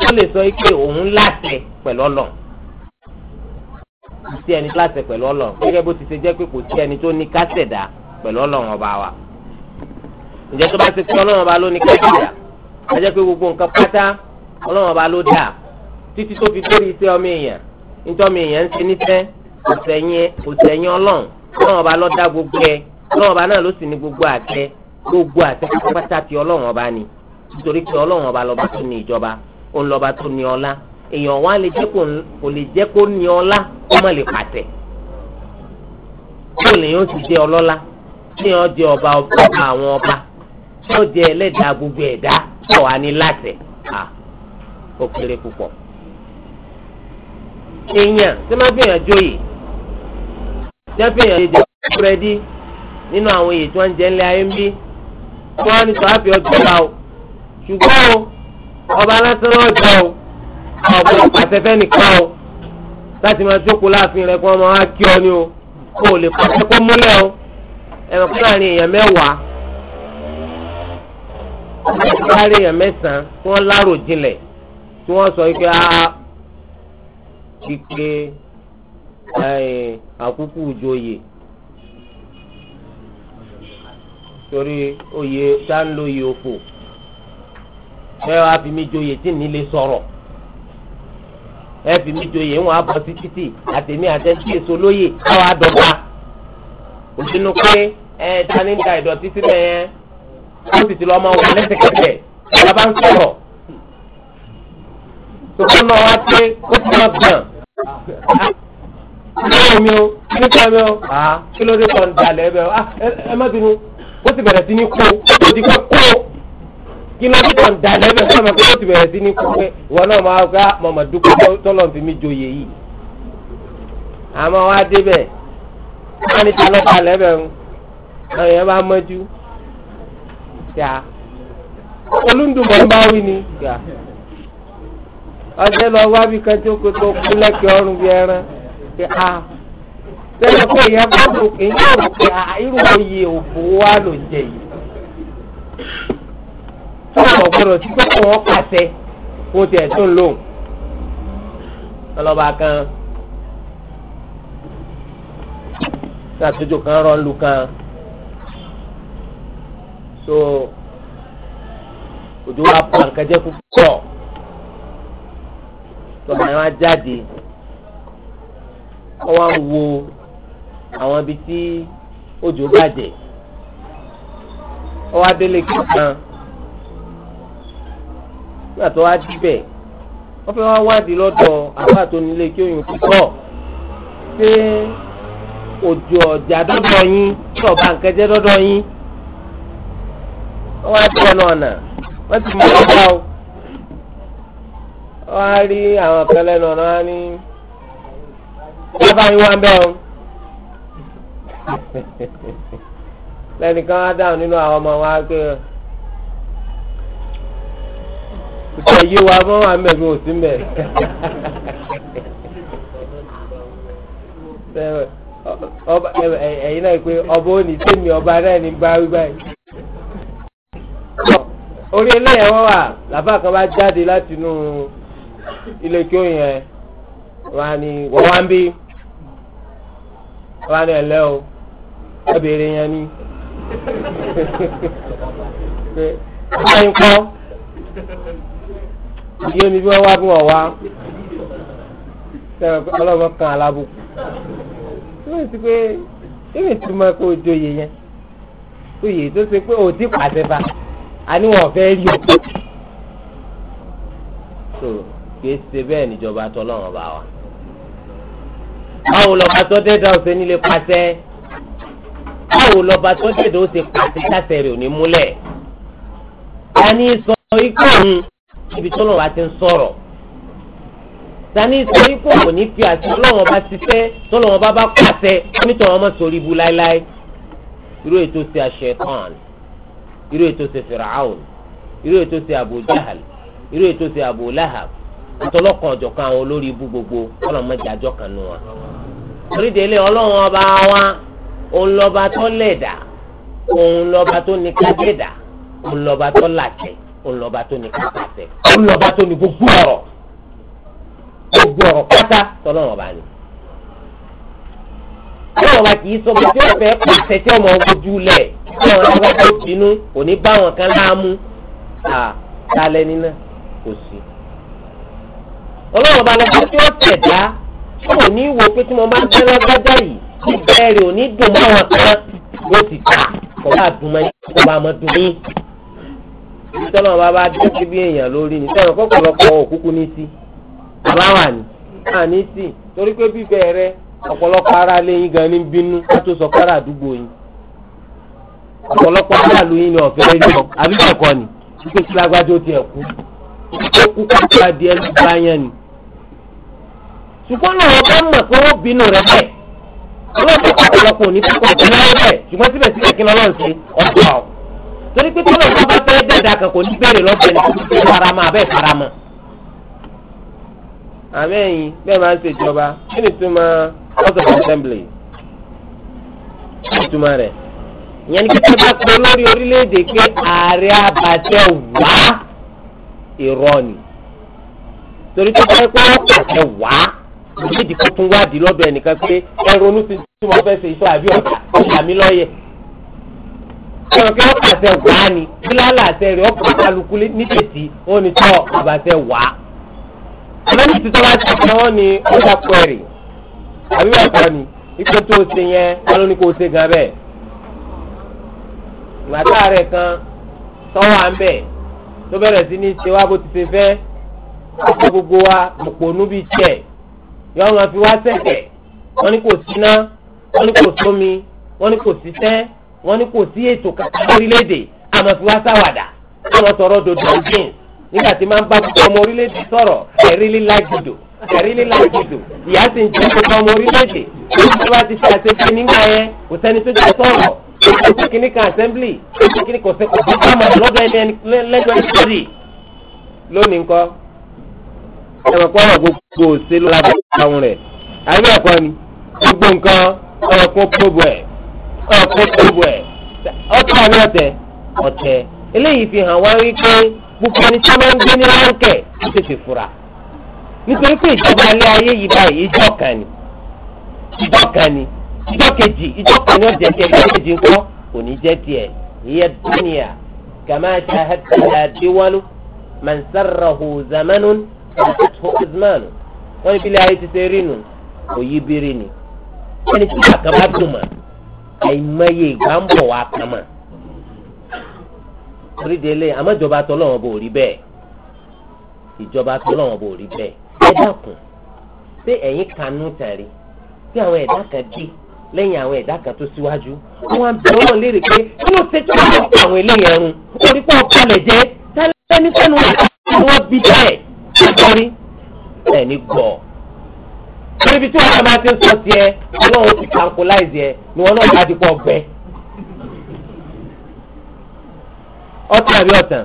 tó lè sọ pé òun láṣẹ pẹ̀lú ọlọ́run kò sí ẹni láṣẹ pẹ̀lú ọlọ́run gẹ́gẹ́ bó ti ṣe jẹ́ pé kò sí ẹni tó ní kásẹ̀dá pẹ̀lú ọlọ́run ọba wa ǹjẹ́ tó bá ti pín ọlọ́run ọba ló ní kẹ́kẹ́ yà á jẹ́ pé gbogbo nǹkan pátá ọlọ́run ọba ló dà títí tó fi dórí iṣẹ́ ọmọ èèyàn nítorí ọmọ èèyàn ń ṣe níṣẹ́ òṣèyìn ọlọ́run ọlọ́run ọba ló dá gbogbo ẹ ọlọ́run ọba náà ló sì ní gbogbo àtẹ gbogbo àtẹ pátá ti ọlọ́run ọba ni nítorí pé ọlọ́run ọba lọ́ba tó ní ìjọba òun lọ́ba tó ní ọlá èèyàn wá lè jẹ́ kó lè jẹ́ kó ní ọlá kó má lè pàtẹ kó lè yóò ti jẹ́ ọlọ́lá kí èèyàn jẹ́ ọba ọba àwọn ọba yóò jẹ ẹlẹ́dàá gbogbo ẹ̀dá yóò wá ní láṣẹ à ó kéré púpọ̀. èèyàn tí wọ́n fi hàn jóyè tí wọ́n fi hàn jẹjẹ búrẹ́dì nínú àwọn èyí tí wọ́n ń jẹ ńlẹ̀ ayé ń bí wọ́n ní sọ́ọ́ fi ọjọ́ o ṣùgbọ́n o ọba lásán lọ́jọ́ o ọ̀pọ̀ pàṣẹ fẹ́nìkan o láti máa jókòó láàfin rẹ̀ kí wọ́n máa wá kí ọ ní o kó o lè pàṣẹ kó múlẹ̀ o ẹ̀rọ fúlàní èèyàn mẹ́wàá kárí èèyàn mẹ́sàn-án tí wọ́n lárò jinlẹ̀ tí wọ́n sọ pé áá kíkẹ́ àkúkú ìjòyè torí oyè tá ń lo oyè òfò ẹ wá fi mí joyè tí ní lè sọ̀rọ̀ ẹ fi mí joyè wọn á bọ̀ sí títì àtẹ̀mí àtẹ̀tí èso lóyè káwá dọ̀gba òsínú pé ẹ ta ní da ìdọ̀tí sílẹ̀ yẹn wọ́n sì ti lọ́ máa wọ̀ lẹ́sẹ̀kẹsẹ̀ bàbá ń sọ̀rọ̀ tòkó náà wá pé ó ti máa gbọ̀n ah, kílódé mi o nípa mi o ah, kílódé kan dalẹ̀ ẹ bẹ̀ o ah, ẹ má bínú ó ti bẹ̀rẹ̀ sí ní kó ó ti kó kó kílódé kan dalẹ̀ ẹ bẹ̀ fún mi ó ti bẹ̀rẹ̀ sí ní kó pé ìwọ náà máa gbá mọ̀mọ́dú tọ́lọ̀ fi mi joyè yìí àmọ́ wá débẹ̀ wọ́n á ní ta lọ́ta lẹ́bẹ̀ ń ẹ̀yẹ́ bá mọ́jú yà olùdùmọ̀ ń bá wí ni yà ọjọ́ lọ wá bí kan tó kó tó kú lẹ́kẹ̀ ọrùn bí ẹran pé a tẹ́lẹ̀ pé ìyá bá bò pé yóò rò pé a irú oyè òbò wa ló jẹ yìí tó o gbọdọ̀ tí pé kò wọ́n pàṣẹ kó tiẹ̀ tó ń lòun ọlọ́ba kan ṣàtúnjò kan rọ́ọ̀lù kan so òjò wa pa nǹkan jẹ́ púpọ̀ tọ́mọ yẹn wá jáde wọ́n wá ń wo àwọn ibi tí òjò bàjẹ́ wọ́n wá délé kankan nígbà tó wá díbẹ̀ wọ́n fẹ́ wá wádìí lọ́dọ̀ àbá tó nílé kí òyìn púpọ̀ pé òjò ọ̀jà dọ́dọ̀ yín tí ọ̀bá nǹkan jẹ́ yín wọ́n á tẹnu ọ̀nà wọ́n ti mú ọgbà o wọ́n á rí àwọn kan lẹ́nu ọ̀nà wọ́n á ní bàbá yín wá bẹ́ẹ̀ o [laughs] lẹ́nìkan á dáhùn nínú àwọn ọmọ wọn á pé ìtọ́ yé wa mọ́ wà mẹ́rin ò sí mẹ́rin [laughs] ẹ̀yin náà pé ọba ò ní sẹ́mi ọba náà ní báwí báyìí orí eléyàwó wa làbá kan bá jáde láti inú ilé kí ó yẹn wà ní wọ́n wá ń bí wọ́n á ní ẹ̀lẹ́ o ẹ béèrè yẹn ni ọba yín kọ́ yé ni bí wọ́n wá bí wọ́n wá ọlọ́run kan alábùkù wọ́n ti pé kí ni túmọ̀ kó o joyè yẹn oyè tó ṣe pé òtí pàṣẹ bá àní wọn fẹ́ rí o. so kìí ṣe bẹ́ẹ̀ níjọba tọ́lọ́run bá wa. báwo lọ́ba tó dé dáhùn ṣe nílé pàṣẹ báwo lọ́ba tó dé dáhùn ṣe pàṣẹ káṣẹ rẹ̀ ò ní múlẹ̀. tani sọ ikú òun níbi tọ́lọ́run bá ti ń sọ̀rọ̀ tani sọ ikú òun ní fi àti tọ́lọ́run bá ṣiṣẹ́ tọ́lọ́run bá bá pàṣẹ onítọ̀run ọmọ sórí ibu láéláé irú ètò ti àṣẹ tán irú ètò ṣe fìràáwùn irú ètò ṣe Abu Jahal irú ètò ṣe Abu Lahab àtọlọ́kan ọ̀jọ̀kan àwọn olórí ibú gbogbo ọlọ́mọdé àjọ kan nù wọn. orídéélé ọlọ́run ọba wa òun lọ́ba tó lẹ̀dá òun lọ́ba tó ní kájẹ̀dá òun lọ́ba tó làjẹ̀ òun lọ́ba tó ní kápàtẹ̀ òun lọ́ba tó ní gbogbo ọ̀rọ̀ gbogbo ọ̀rọ̀ pátá tọ́lọ́run ọba ni báwọn wa kì í sọ pé ó fẹ́ pàṣẹ tí ọmọ ojú lẹ̀ báwọn náà wọ́n tó bínú kò ní báwọn kan láàmú àtàlẹ́ nínú kò sí. ọlọ́run bá lọ bá tí ó tẹ̀dá kò ní wo pé tí mo bá ń tẹ́ lọ́gbọ́dá yìí ìbẹ̀rẹ̀ rẹ̀ ò ní dùn báwọn kan ló ti ta kò bá dùn mọ́ kò bá mọ́ dùn yín. ìtọ́nà bá bá dé síbi èèyàn lórí ni sọ̀rọ̀ kọ́kọ́lọ́kọ́ òkúkú ní sí àbáwà ni àní sí torí pé bíbẹ̀ rẹ̀ ọ̀pọ̀lọpọ̀ ara lé yín gan ní bínú ká tó sọ fara àdúgbò yín ọ̀pọ̀lọpọ̀ ara ló yín ní ọ̀fẹ́ yọ àbí bẹ́ẹ̀ kọ́ ni wípé kí lágbájá ó tiẹ̀ kú ó kú kó bá di ẹni bá yẹn ni. ṣùgbọ́n náà wọ́n bá mọ̀ pé wọ́n bínú rẹ bẹ́ẹ̀ ọlọ́run kọ́ ọ̀pọ̀lọpọ̀ òní tó kọ̀ ọ̀pọ̀ náà bẹ́ẹ̀ ṣùgbọ́n síbẹ̀síbẹ̀ kí lọ́lọ́run ṣe ọ̀pọ̀ ọ̀ torí pé tọ́lọ̀ tó bá fẹ́ dẹ̀dà kan kò ní bẹ̀rẹ̀ lọ́bẹ̀ ní kí farama abẹ́ farama. àmẹ́yìn bẹ́ẹ̀ máa ń ṣèjọba kí ni tó máa house of assembly ìtumọ̀ rẹ̀ ìyẹn ní kíkọ́ bá pọ̀ lórí orílẹ̀-èdè pé ààrẹ àbàtẹ wá irọ́ ni torí tó báyìí pé wọ́n pàṣẹ wá méjì kan tún wádìí lọ́dọ̀ ẹnìkan pé ẹ ronú sí tí mo fẹ́ ṣe iṣẹ́ àbí ọ̀tá ọ̀tá mi lọ́yẹ̀ ọ̀rọ̀ kí wọ́n pàṣẹ wá ni bílálà àṣẹ rẹ̀ ọ̀pọ̀ kálukú ní tètè ó ní tọ́ àbàtẹ wá. àbẹ́ni ti tọ́lá àbí bẹ́ẹ̀ kọ́ ni ipò tó o ṣe yẹn wọn ló ní kó o ṣe gan bẹ́ẹ̀ ìgbàdá rẹ̀ kan tọ́wọ́ à ń bẹ̀ tó bẹ̀rẹ̀ sí ní ṣe wá bó ti ṣe fẹ́ ọ̀pọ̀ gbogbo wa mọ̀pọ̀nú bíi tiẹ̀ yọ wọn fi wá sẹ̀kẹ̀ wọn ní kò síná wọn ní kò sómi wọn ní kò síṣẹ́ wọn ní kò sí ètò kankan lórílẹ̀‐èdè àmọ́ fi wá sáwàdà àmọ́ sọ̀rọ̀ dòdò jeans nígbà tí máa ń bá gbogbo ọmọ orílẹ̀‐èdè sọ̀rọ̀ ẹ̀rí lílá jùdò ẹ̀rí ní làjìdù ìyá sì ń jẹ́ ọ̀pọ̀ ọmọ orílẹ̀-èdè tó bá ti ṣe àṣepé nígbà yẹn kò sẹ́ni tó jẹ́ sọ̀rọ̀ kò kíní kan assembly kò kíní kò sẹ́kọ̀ bá bá máa lọ́dọ̀ ẹni lẹ́jọ́ ìṣòrí lónìí ńkọ́ ẹ̀rọ pọ̀ ọ̀rọ̀ gbogbo òṣè ló lábẹ́ àwọn rẹ̀ àbí ẹ̀kọ́ ni gbogbo nǹkan ọ̀kún probo ẹ̀ ọ̀kún probo ẹ̀ ọ̀tọ̀ àní ọ̀tẹ̀ ọ̀tẹ̀ eléyìí fi hàn wá wípé gbogbo ẹni tí wọ́n ń gbé ní láńkẹ̀ ó tètè fura nítorí pé ìjọba ilé ayé yìí báyìí ìjọ kan ni ìjọ kan ni ìjọ kejì ìjọ kan ni ó jẹ tiẹ̀ ìjọ kejì ńkọ́ kò ní jẹ tiẹ̀ ìyẹ dúnìyà kàmá ṣahadàlá díwọlú mansarahu zamanun ṣàtúntò ìzmánu wọn ibi ilé ayé ti ṣe rí nù òyì bírí ni ẹni tí kàkà bá dùn mà àìmọye ìgbà ń bọ̀ wá kàmà orí délé àmọ́ tọ́lọ́wọ́n bò rí bẹ́ẹ̀ ìjọba tọ́lọ́wọ́n bò rí bẹ́ẹ̀ ẹ̀dá kù ṣé ẹ̀yin kanú tàrí tí àwọn ẹ̀dá kan dé lẹ́yìn àwọn ẹ̀dá kan tó síwájú wọn bẹ wọn léèrè pé kí ló ṣe tó wọn kọ àwọn eléyìí ẹrun orí pọ̀ palẹ̀ jẹ́ tálẹ́ni sẹ́nu wọn bí bẹ́ẹ̀ àtọ́rí ẹ̀ní gbọ̀ níbi tí wọn bá ti ń sọ tiẹ̀ ọlọ́run ti kankuláìsì ẹ ni wọn náà bá ti pọ̀ gbẹ ọtí àbí ọ̀tàn.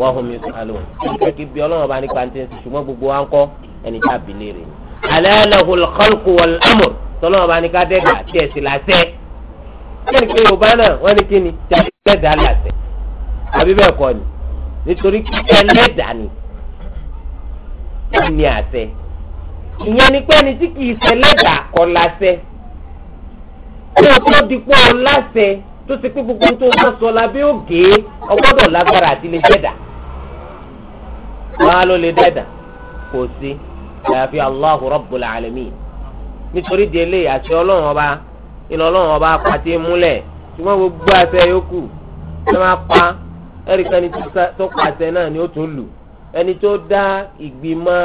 wọ́n hùmí sàlù ẹ̀ kí bí ọlọ́run bá nípa ti ń sùn ṣùgbọ́n gbogbo wa ń kọ́ ẹni tá a bì léèrè ni. alẹ́ lọ́hùn kọ́lùkù wọ̀l amọ̀ tọ́lọ́run bá ní ká dẹ́gbà tí ẹ̀ sì láṣẹ. bẹ́ẹ̀ ni pé yorùbá náà wọ́n ní kí ni tí a ti dẹ́gbà láṣẹ. àbí bẹ́ẹ̀ kọ́ ni nítorí kí ẹlẹ́dà ni ní àṣẹ. ìyẹn ni pé ẹni tí kì í ṣe lẹ́dà kọ́ láṣẹ. kí o tó dipò láṣẹ tó ti pé gbogbo wọn á ló lè dẹ́dà kò sí àyàfi Allahu Rabbul Alamin nítorí di eléyìí àti ọlọ́run ọba iná ọlọ́run ọba pàtẹ múlẹ̀ ṣùgbọ́n gbogbo àṣẹ yòókù ẹ máa pa ẹ̀ríkà ni tó pàṣẹ náà ni ó tún lù ẹni tó dá ìgbìmọ̀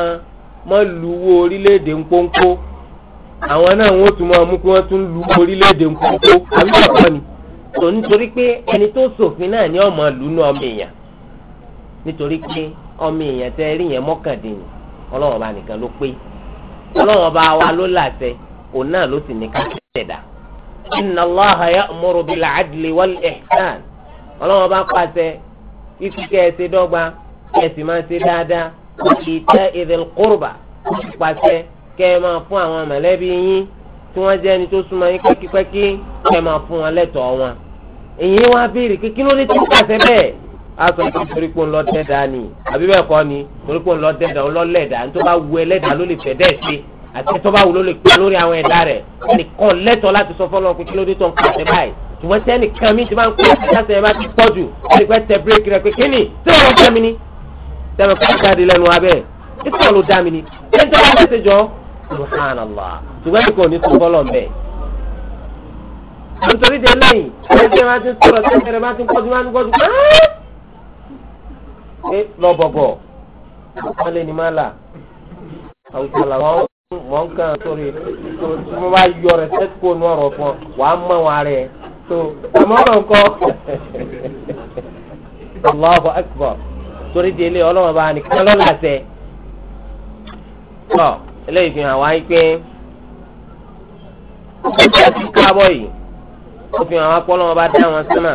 mọ́lùwọ́ orílẹ̀-èdè ńpọ́npọ́ àwọn náà wọ́n tún máa mú kí wọ́n tún lu orílẹ̀-èdè ńpọ́npọ́ àbíkọ̀kọ́ ni tò nítorí pé ẹni tó ṣòfin náà ni ọmọ lù náà mìíyàn nítorí pé ọmọ èèyàn tẹ́ rí yẹn mọ́kàndínlẹ̀ ọlọ́wọ́n bá nìkan ló pé ọlọ́wọ́n bá wa ló làṣẹ òun náà ló sì ní ká ṣẹ̀dá. inna Allaha ya'muru bil adli wal ihsan ọlọ́wọ́n bá pàṣẹ kíkú kẹ́ ẹ fún àwọn mọ̀lẹ́bí yín tí wọ́n jẹ́ ẹni tó súnmọ́ yín fún wọn lẹ́tọ̀ọ́ wọn. èyí wá a sọ pé torí pé ń lọ dẹ́dà ni àbí bẹ́ẹ̀ kọ́ ni torí pé ń lọ dẹ́dà ń lọ lẹ́dà ń tó bá wu ẹlẹ́dà ló lè fẹ́ dẹ́ ṣe àti tó bá wù ló lè pa lórí àwọn ẹ̀dá rẹ̀ nìkan lẹ́tọ̀ọ́ láti sọ fọ́lọ́ pé kí ló dé tó ń pàṣẹ báyìí ṣùgbọ́n sẹ́ni kan mi ti máa ń pè é láti ẹ̀ bá ti pọ̀ jù ó tẹ bírèkì rẹ̀ pé kí ni tí ò mi ni tẹ́lẹ̀ kọ́ pé lọ́bọ̀bọ̀ wọ́n lé ní má là àwùjọ làwọn mọ̀ ń kàn sórí tó tí wọ́n bá yọ rẹ̀ sẹ́kù ní ọ̀rọ̀ fún ọ wàá mọ̀ wọn rẹ̀ tó àmọ́ náà kọ́ [laughs] Allahu akbar torí di ilé bá nìkan lọ́la sẹ́ tọ́ eléyìí fi hàn wáyé pé ọjà ti káàbọ̀ yìí ó fi hàn wá pọ́ lọ́wọ́n bá dá wọn sínú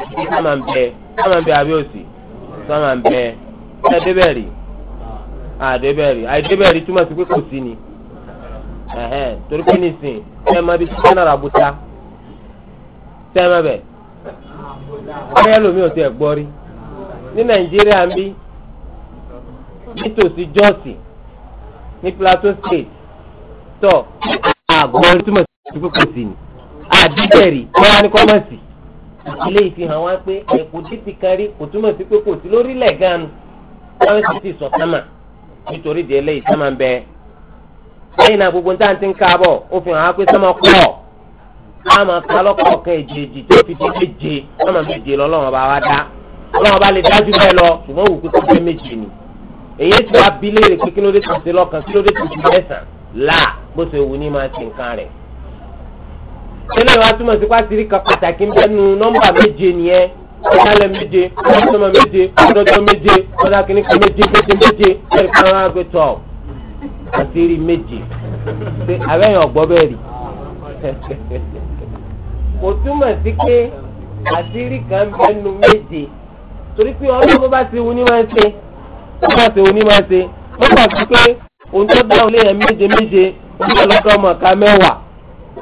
àti sámà ń bẹ sámà ń bẹ àbí òsì sọ́mà ń bẹ ẹ débẹ̀rì àdébẹ̀rì àìdébẹ̀rì túmọ̀ sí pé kò sí ni torí pé nìsín ẹ máa bí sísẹ́ náírà bùtá tẹ́ ẹ má bẹ̀ ọ̀rẹ́ ẹlòmíì ò tiẹ̀ gbọ́ rí ní nàìjíríà ń bí nítòsí jọ́ọ̀sì ní plateau state tọ́ àgọ́ túmọ̀ sí pé kò sí ni àdébẹ̀rì wọ́n á ní kọ́mọ̀sì ilé ìfihàn wá pé ẹ̀kọ́ títí kárí kò túmọ̀ sí pé kò sí lórílẹ̀ gan wọ́n sì ti sọ sámà nítorí di eléyìí sámà ń bẹ lẹ́yìn náà gbogbo níta ti ń káàbọ̀ ó fi hàn á pé sámà pọ̀ á máa ka lọ́kọ̀ọ̀kan èjèèjì tó fi ti méje sámà méje lọ́lọ́run ọba wa dá ọlọ́run ọba lè dájú bẹ́ẹ̀ lọ ṣùgbọ́n òwú kó fẹ́ méje ni èyí tí wàá bi léèrè pé kí ló dé tó ṣe lọ́kàn kí ló dé tó ṣe mẹ́sàn-án là bó ṣe wù ní máa ṣe nǹkan rẹ̀ tẹ́lẹ̀ wá túmọ̀ sí pàtìrí kan pàtàkì nbẹ́nu nọ́mbà méje nìyẹn ìyálẹ̀ méje ọ̀dọ́sọ́mọ méje ọ̀dọ́jọ́ méje ọ̀dàkìnìkan méje méje méje ẹ̀rí kan wá gbé tọ̀ àtìrí méje ṣe àbẹ́yẹn ọ̀gbọ́ bẹ́ẹ̀ rí kò túmọ̀ sí pé àtìrí kan bẹ́nu méje torí pé ọdún bó bá ti wù ní máa ń ṣe bó bá ti wù ní máa ń ṣe wọ́n gbà pé ohun tó dá olóyè méje méje ó ń bọ̀ lọ́dọ̀ ọmọ ká mẹ́wàá.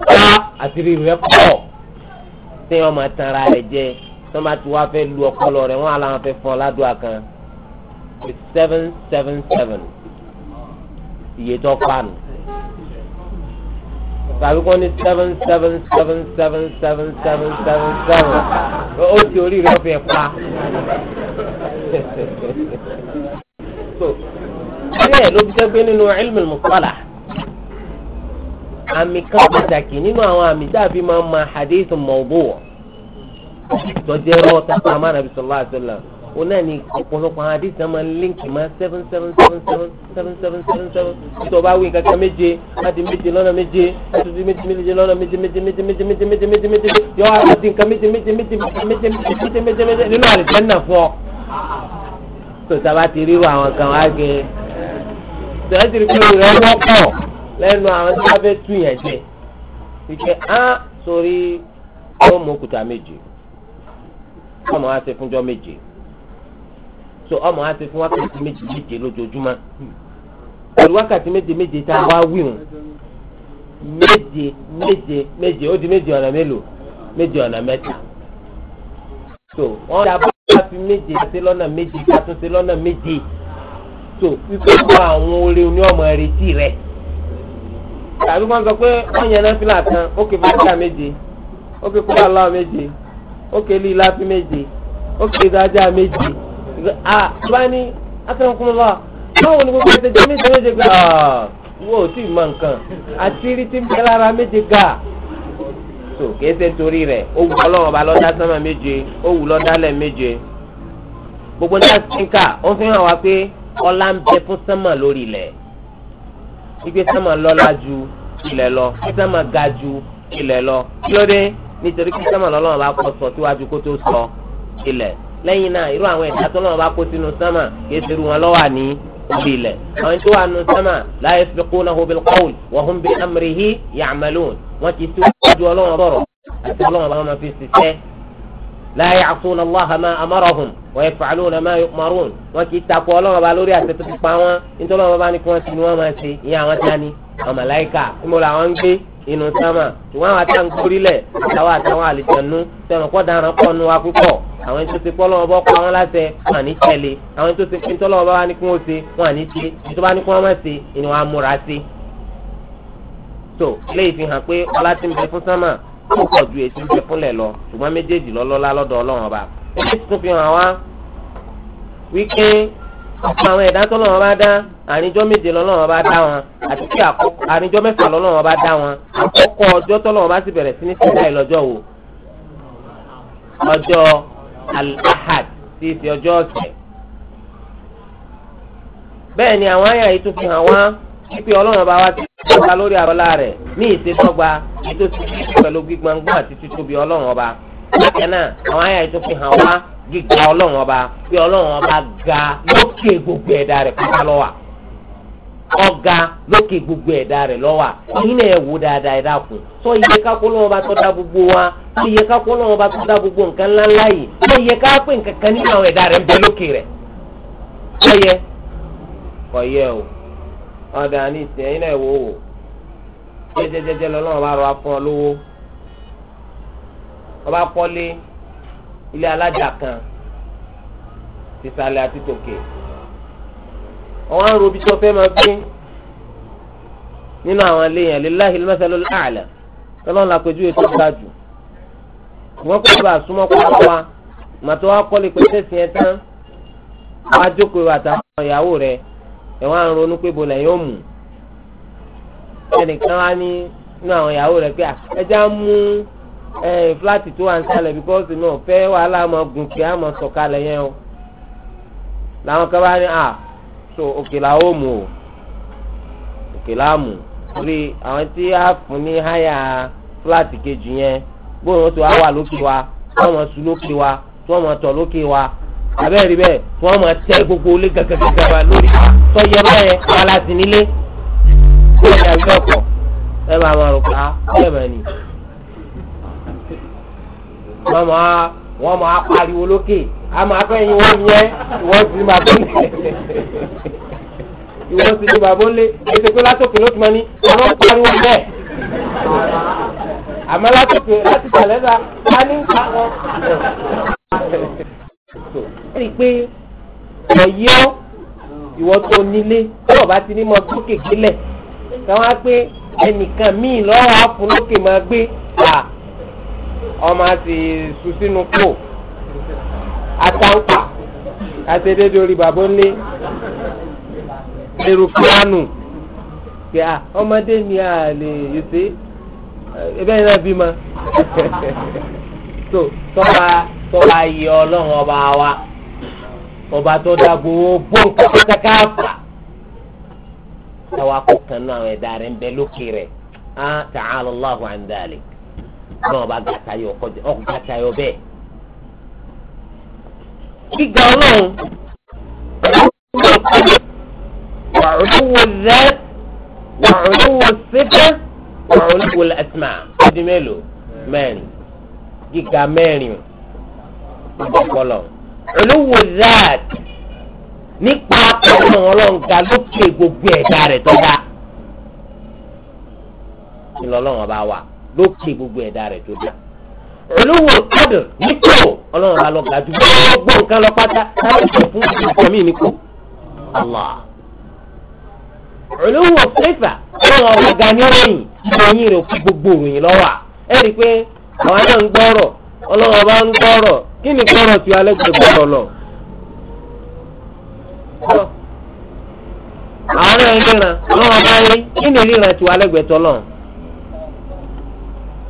ká àti rí rẹ pọ̀ tí wọ́n máa tan ara rẹ̀ jẹ tí wọ́n bá ti wá fẹ́ lu ọpọlọ rẹ̀ wọ́n á láwọn fẹ́ fún ọ kan with seven seven seven iye tó kpanu tàbí kò ní seven seven seven seven seven seven seven seven ó ti orí rẹ̀ fi pa [laughs] so bẹ́ẹ̀ ló fi jẹ́ pé nínú ilmu mustalah àmì kan pàtàkì nínú àwọn àmì dàbí máa ń ma hadith mawdu' tọ́jú ẹ̀rọ tàbí amára bí sọlá àṣọlá òun náà ni ọ̀pọ̀lọpọ̀ àwọn hadith náà máa ń líǹkì máa seven seven seven seven seven seven seven seven tó bá wí kankan méje láti méje lọ́nà méje láti fi méje méje lọ́nà méje méje méje méje méje méje méje méje yọ àti nǹkan méje méje méje méje méje méje méje nínú àlùjánnà fún ọ. tó sábà ti ríru àwọn kan wá gé e. sọ̀rọ̀ ti rí pé ìrẹ́wọ́ pọ̀ lẹ́nu àwọn tí wọ́n fẹ́ tú yẹn jẹ wípé á sórí ó mú òkúta méje ọmọ wa ṣe fúnjọ́ méje so ọmọ wa ṣe fún wákàtí méje méje lójoojúmọ́ pẹ̀lú wákàtí méje méje tá a wá wíwùn méje méje méje ó di méje ọ̀nà mélòó méje ọ̀nà mẹ́ta so wọ́n dá bá fi méje ṣe lọ́nà méje ṣàtúnṣe lọ́nà méje so fífẹ́ gba àwọn orin ní ọmọ retí rẹ̀ tàbí wọ́n sọ pé wọ́n yẹn náà fìlà kan ó ké fàájà méje ó ké kúrò aláwọ̀ méje ó ké lé iláfi méje ó ké ìdájà méje à bá ní asọ́nkúnlọ́ báwo ni gbogbo ẹsẹ̀ jẹ́ méje méje gbà wọ́n ò tí ì mọ nǹkan àti rí ti ń bẹ lára méje gà so kéésẹ̀ torí rẹ̀ ó wù ọlọ́wọ́ bá lọ́dá sánmà méje ó wù lọ́dá lẹ̀ méje gbogbo ní àtúnkà ó fi hàn wá pé ọlá ń bẹ fún sánmà lórí ilẹ̀ wípé sánmà lọ́lá ju ilẹ̀ lọ sánmà ga ju ilẹ̀ lọ kí ló dé nítorí pé sánmà lọ́lọ́run bá kọ́ sọ síwájú kó tó sọ ilẹ̀ lẹ́yìn náà irú àwọn ẹ̀dá tó lọ́wọ́ bá kó sínú sánmà kì í ṣe irú wọn lọ́wọ́ àní òbí ilẹ̀ àwọn tó wà nù sánmà la yasbiqunahu bil qawl wa hum bi amrihi ya'malun wọn ti síwájú ọlọ́wọ́ bọ̀rọ̀ àti ọlọ́wọ́ bá wọn fi ṣiṣẹ́ la ya'suna Allaha ma wọ́n yẹ fàálù ọ̀nà máa yọ kumarun wọ́n kì í takò ọlọ́run ọba lórí àti tó ti pa wọ́n nítorí ọlọ́run ọba ní kí wọ́n ti ní wọ́n máa ṣe ìyẹn àwọn tí a ní àwọn màláìka níbo làwọn ń gbé inú sámà ṣùgbọ́n àwọn àti àǹkórílẹ̀ àtàwọn àtàwọn àlìjẹ̀nu sẹ́wọ̀n kọ́ daran pọ̀ nu wa púpọ̀ àwọn tó ti pọ́ lọ́wọ́ bọ́ pa wọ́n láṣẹ wọn àní tẹ̀lé àwọn tó ti pín tọ́lọ́wọ́ bá wá ní kí wọ́n ṣe wọn àní ṣe ètò bá ní kí wọ́n má ṣe ìní wọn á múra sí. tó léyìí fi hàn pé ọlá ti ń bẹ fún sámà ó pọ̀ ju èsì ń bẹ fúnlẹ̀ lọ ṣùgbọ́n méjèèjì lọ́lọ́lá lọ́dọ̀ ọlọ́run ọba èyí tó fi hàn wá wípé ọ̀pọ̀ àwọn ẹ̀dá tó lọ́wọ́ bá dá àríjọ́ méje lọ́wọ́ bá dá wọn àti kí àríjọ́ mẹ́fà lọ́wọ́ bá dá wọn àkọ́kọ́ ọjọ́ tó lọ́wọ́ bá sì bẹ̀rẹ̀ sí ní sílá ìlọ́jọ́ wò ọjọ́ al-ahad ti ọjọ́ ọ̀sẹ̀ bẹ́ẹ̀ ni àwọn àyà yìí tún fi hàn wá pípé ọlọ́run bá wá ti dọ́gba lórí àbọ̀lá rẹ̀ ní ìṣèdọ́gba ètò ìṣèdọ́gba pẹ̀lú gbígbọ́ngbọ́n àti títóbi ọlọ́run ọba. bákan náà àwọn àyà ètò fi hàn wá gíga ọba pé ọlọ́run ọba ga lókè gbogbo ẹ̀dá rẹ̀ pátá lọ́wà ọ̀gá lókè gbogbo ẹ̀dá rẹ̀ lọ́wà ẹ̀yin náà ẹ̀ wò dáadáa ẹ̀dá kù tó yẹ ká lọ́wọ́ bá tó dá gbogbo wa tó yẹ ká lọ́wọ́ bá tó dá gbogbo nǹkan ńláńlá yìí nǹkan kan nínú àwọn ẹ̀dá o ní ìsìn náà ẹ̀ wò ọba kọ́lé ilé alájà kan tìsàlẹ̀ àti tòkè ọwọ́n ń robi tó fẹ́ máa gbé nínú àwọn ilé yẹn lillahi al-masalul a'la tọ́lọ́n la pẹ̀jú ètò ìgbà jù wọ́n kọ́ bá súnmọ́ kọ́ wa màtọ́ wa kọ́lé pẹ̀sẹ̀ sí ẹ tán wàá jókòó ìwà àtàwọn ìyàwó rẹ ẹ̀ wọ́n á ń ronú pé bọ́lá yóò mú ẹnìkan wá ní nínú àwọn ìyàwó rẹ pé ẹja mú ẹ fúláàtì tó wà ń sálẹ̀ bíkọ́sì náà fẹ́ wàhálà máa gùn kí á máa sọ̀kalẹ̀ yẹn o làwọn kan bá ní à ah, so òkè làwọn ò mú o òkè làmù torí àwọn tí a fún ní háyà fúláàtì kejì yẹn gbóòórùn tó wà lókè wa tí wọ́n máa sùn lókè wa tí wọ́n máa tọ̀ lókè wa àbẹ́rẹ́ bẹ́ẹ̀ tí wọ́n máa tẹ́ gbogbo ilé gàgàgàgà wa lórí tọ́jú báyẹn wàhálà sí nílé kó o yà lọ́kọ̀ ẹ máa máa rò pa ah, ẹ bẹ́ẹ̀ ni wọ́n máa wọ́n máa pariwo lókè àmọ́ afẹ́yìn wọ́n yẹ ìwọ́n sì ní bàbá lé [laughs] ìwọ́n sì ní bàbá lé ètò pé látòkè ló ti mọ ní àwọn pariwo bẹ́ẹ̀ àmọ́ látòkè láti tẹ̀lé ta ká ní ká wọn. ó rí i pé ẹ̀yẹ́ ìwọ́n tó nílé tí ọba ti ní mọ sókè kílẹ̀ káwọn á pé ẹnìkan míì lọ́wọ́ á fún lókè máa gbé wà ọmọ àti susinu kò atanpa àtẹ̀dẹ́dẹ́ orí bàbá ńlẹ̀ èrò fúlànù pé à ọmọdé mi à lè yèsè ẹbẹ́ yìí náà bí ma [laughs] so tọ́ba tọ́ba yẹ ọlọ́run ọba wa ọba tó dá gbogbo nǹkan kákàkà táwa kó kan náà àwọn ẹ̀dá rẹ̀ ń bẹ lókè rẹ̀ á ta'ala Allahu an dhalik ọlọ́run bá gàtà yọ kọjá ọ̀gàtà yọ bẹ́ẹ̀. gíga ọlọ́run wàhùnúwò zẹ́ wàhùnúwò sífẹ́ wàhùnúwò ẹ̀sìmà ọdún mélòó mẹ́rin gíga mẹ́rin ọ̀gbọ̀kọ̀lọ̀ olówó zaad nípa ọ̀nà ọlọ́ǹga lókè gbogbo ẹ̀dá rẹ̀ tó dá kí wà. lókè gbogbo ẹ̀dá rẹ̀ tó dá olówó kádùn nípò ọlọ́run bá lọ ju gbogbo nǹkan lọ pátá láti sọ fún olówó fẹ́fà ọlọ́run ga ní ròyìn gbogbo lọ́wọ́ ẹ rí i pé àwọn náà ń gbọ́rọ̀ ọlọ́run ọba ń gbọ́rọ̀ kí ni gbọ́rọ̀ alẹ́ gbé gbọ́rọ̀ lọ. àwọn náà ń ríran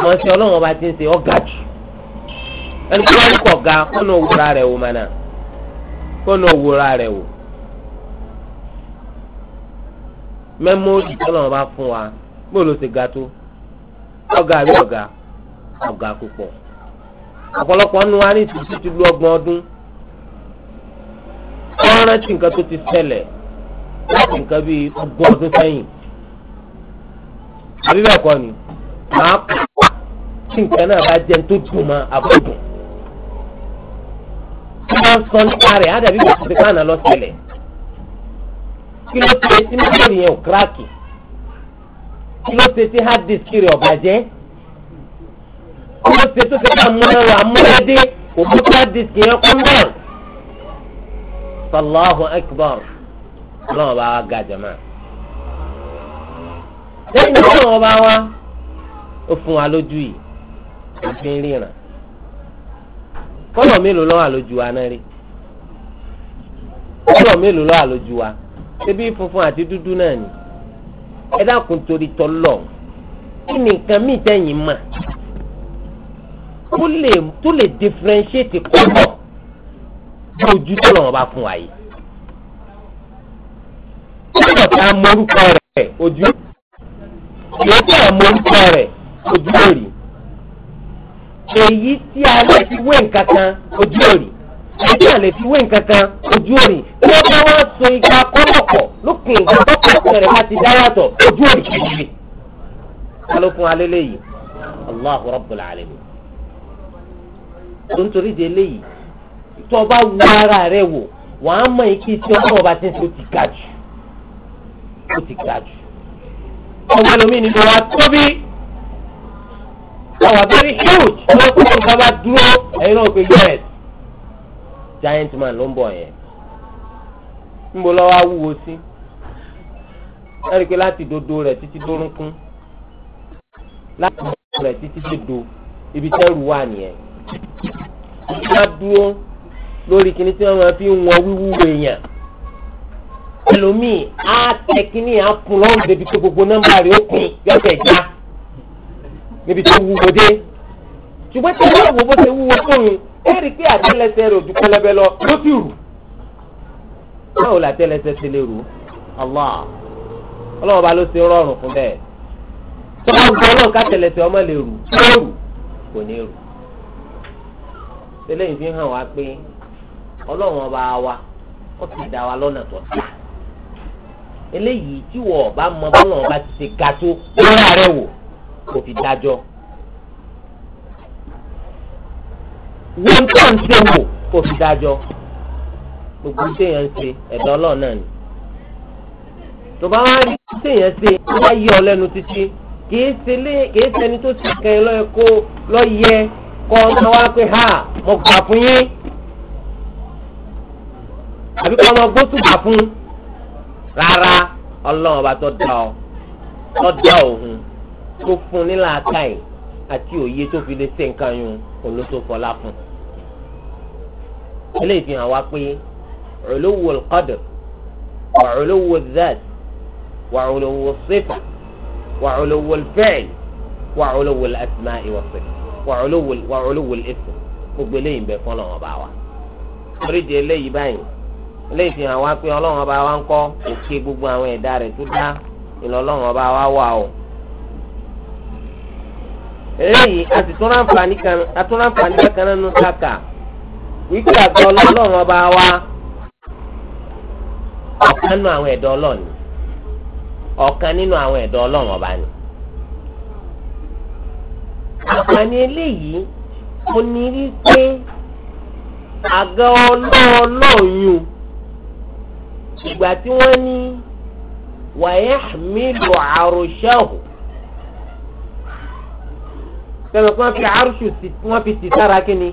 àwọn ṣe ọlọ́run ọba ti ń ṣe ọ̀gá jù ẹni tí wọ́n ń kọ̀ ga kó ní òwúra rẹ̀ wò mọ́nà kó ní òwúra rẹ̀ wò. mẹ́mórì tọ́lọ́run bá fún wa bóòlù ti ga tó ọ̀gá rí ọ̀gá ọ̀gá púpọ̀ ọ̀pọ̀lọpọ̀ nínú wa ní ìtúsí ti lu ọgbọ̀n ọdún wọ́n rántí nǹkan tó ti ṣẹlẹ̀ láti nǹkan bíi ọgbọ̀n ọdún sẹ́yìn àbí bẹ́ẹ̀ kọ́ ni màá kọ́ tí nǹkan náà bá jẹun tó dùn mọ́ àbọ̀dùn. tí wọ́n sọ nípa rẹ̀ á dàbí kòtò sí káàná lọ sílẹ̀. kí ló ṣe tí mọ́tòrì yẹn ò kíráàkì? kí ló ṣe tí hard disk rẹ̀ ò bàjẹ́? kí ló ṣe tó ṣe ká múnáwó amúnádé òkú hard disk yẹn kún bẹ́ẹ̀? sallahu akbar ọlọ́run bá wa ga jama lẹ́yìn tí ọlọ́run bá wa ó fún wa lójú yìí àti ríran kọ́lọ̀ mélòó lọ́wọ́ àlójú wa náà rí kọ́lọ̀ mélòó lọ́wọ́ àlójú wa ṣébí funfun àti dúdú náà ni ẹ dákun torí tọ́lọ̀ kí ni nǹkan míì tẹ̀yìn mà tó lè tó lè differentiate kọ́lọ̀ bí ojú tọ́lọ̀ wọn bá fún wa yìí kọ́lọ̀ tá a mọ orúkọ rẹ̀ ojú yóò tẹ̀ mọ orúkọ rẹ̀ ojú lórí èyí tí a lè fi wé nǹkan kan ojú òrì èyí tí a lè fi wé nǹkan kan ojú òrì tí wọ́n bá wá so igba kọ́lọ̀kọ̀ lópin ìgbà kọ́kọ́ rẹ̀ bá ti dá yàtọ̀ ojú òrì kìkìrì. alókun alẹ́lẹ́ yìí Allahu Rabbul Alamin. tó ń torí di eléyìí tó o bá wu ara rẹ wò wàá mọ ikú tí ọmọ ọba ti ń so ti ga jù ó ti ga jù ọmọ ẹlòmíì nínú wa tóbi wọ́n wà very huge wọ́n kó kó nǹkan bá dúró ẹ̀yin náà pé yes giant man ló ń bọ̀ yẹn níbo lọ́wọ́ awúwo sí ẹ̀rí pé láti dodo rẹ̀ títí dórúnkún láti dodo rẹ̀ títí dodo ibi tẹ́rù wà nìyẹn wọ́n dúró lórí kíní tí wọ́n máa fi ń wọn wíwúwo èèyàn ẹlòmíì á tẹ kíní àkùn lọ́rùn débi tó gbogbo nọ́mbà rẹ̀ ó kún yọ̀ọ̀kẹ̀ já níbi tó wúwo dé ṣùgbọ́n tí wọ́n wò bó ṣe wúwo fóun ẹ rí i pé àtẹ́lẹsẹ̀ rẹ̀ ojú pẹlẹbẹ lọ ló ti rù báwo la àtẹ́lẹsẹ̀ ṣe lè rù Allah Allah bá ló ṣe rọrùn fún bẹ́ẹ̀ tọ́ka gbọ́ ọlọ́run ká àtẹ́lẹsẹ̀ ọmọ lè rù ló rù kò ní rù tẹ́lẹ̀ yìí hàn wá pé ọlọ́run ọba wa ó ti dá wa lọ́nà tó ta eléyìí tí wọ́n ọba mọ bọ́lọ̀ ọba ti ṣe ga tó lọ́rọ̀ rẹ̀ wò kò fi dájọ́ wọ́n tó ń ṣe wò kò fi dájọ́ gbogbo téèyàn ń ṣe ẹ̀dá ọlọ́run náà ni tó bá wá rí téèyàn ṣe tó bá yí ọ lẹ́nu títí kìí ṣe ẹni tó ṣe kẹ́yìn lọ́yẹ kó lọ́yẹ kọ́ ọ́nà wá pé ha mo gbà fún yín àbí kọ́ ọmọ gbósù gbà fún rárá ọlọ́run ọba tó dá ọ tó dá òun tó fún un nílà káì àti òye tó fi lè ṣe nǹkan yun olóso fọlá fún eléyìí fi hàn wá pé uluwu al-qadr wa uluwu al-dhat wa uluwu al-sifa wa uluwu al-fi'l wa uluwu al gbogbo eléyìí ń fún Ọlọ́run ọba wa torí eléyìí báyìí eléyìí fi hàn pé Ọlọ́run ọba wa ń kọ́ òkè gbogbo àwọn ẹ̀dá rẹ̀ tó dá ìlọ Ọlọ́run wa wà o eléyìí a sì tún ráǹfààní kan a tún ráǹfààní kankan nínú kàkà wípé àgbà ọlọ́run ọba wa ọ̀kan nínú àwọn ẹ̀dọ́ ọlọ́run ọ̀kan nínú àwọn ẹ̀dọ́ ọlọ́run ọba ni. àǹfààní eléyìí mo ní rí pé àgbà ọlọ́ọ̀lọ́ọ̀yún ìgbà tí wọ́n ní wàyẹ̀ mílò àròṣẹ́hùn fẹ́mi kí wọ́n fi arúṣù sí wọ́n fi tì sára kínni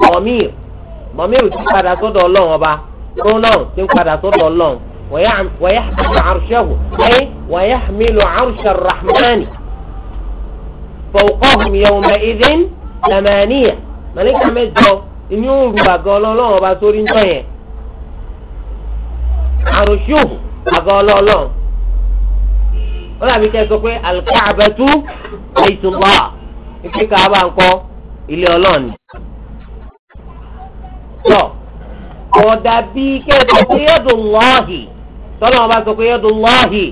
mọ̀míìr mọ̀míìr ti padà sọ́dọ̀ ọlọ́run ọba tó náà ti padà sọ́dọ̀ ọlọ́run wọ́yáhàmìlò arúṣẹ́wò ẹ́ wọ́yáhàmìlò arúṣẹ́ rahmani fọwọ́kọ́hùn yẹ̀wùmá ìdín tàmánìyà màlíkà mẹ́jọ ni ó rù ọlọ́run ọba sórí ń tọ̀yẹ̀ arúṣù àgọ́ ọlọ́run ó dàbí kẹ́ sọ pé alikaabatu baytullah. ike káàbà ń kọ́ ilé ọlọ́ọ̀ni. tọ́ ọ̀dà bíi kẹ́ẹ̀tọ́ pé yẹ́dùn lọ́ọ̀hì tọ́lá wọn bá sọ pé yẹ́dùn lọ́ọ̀hì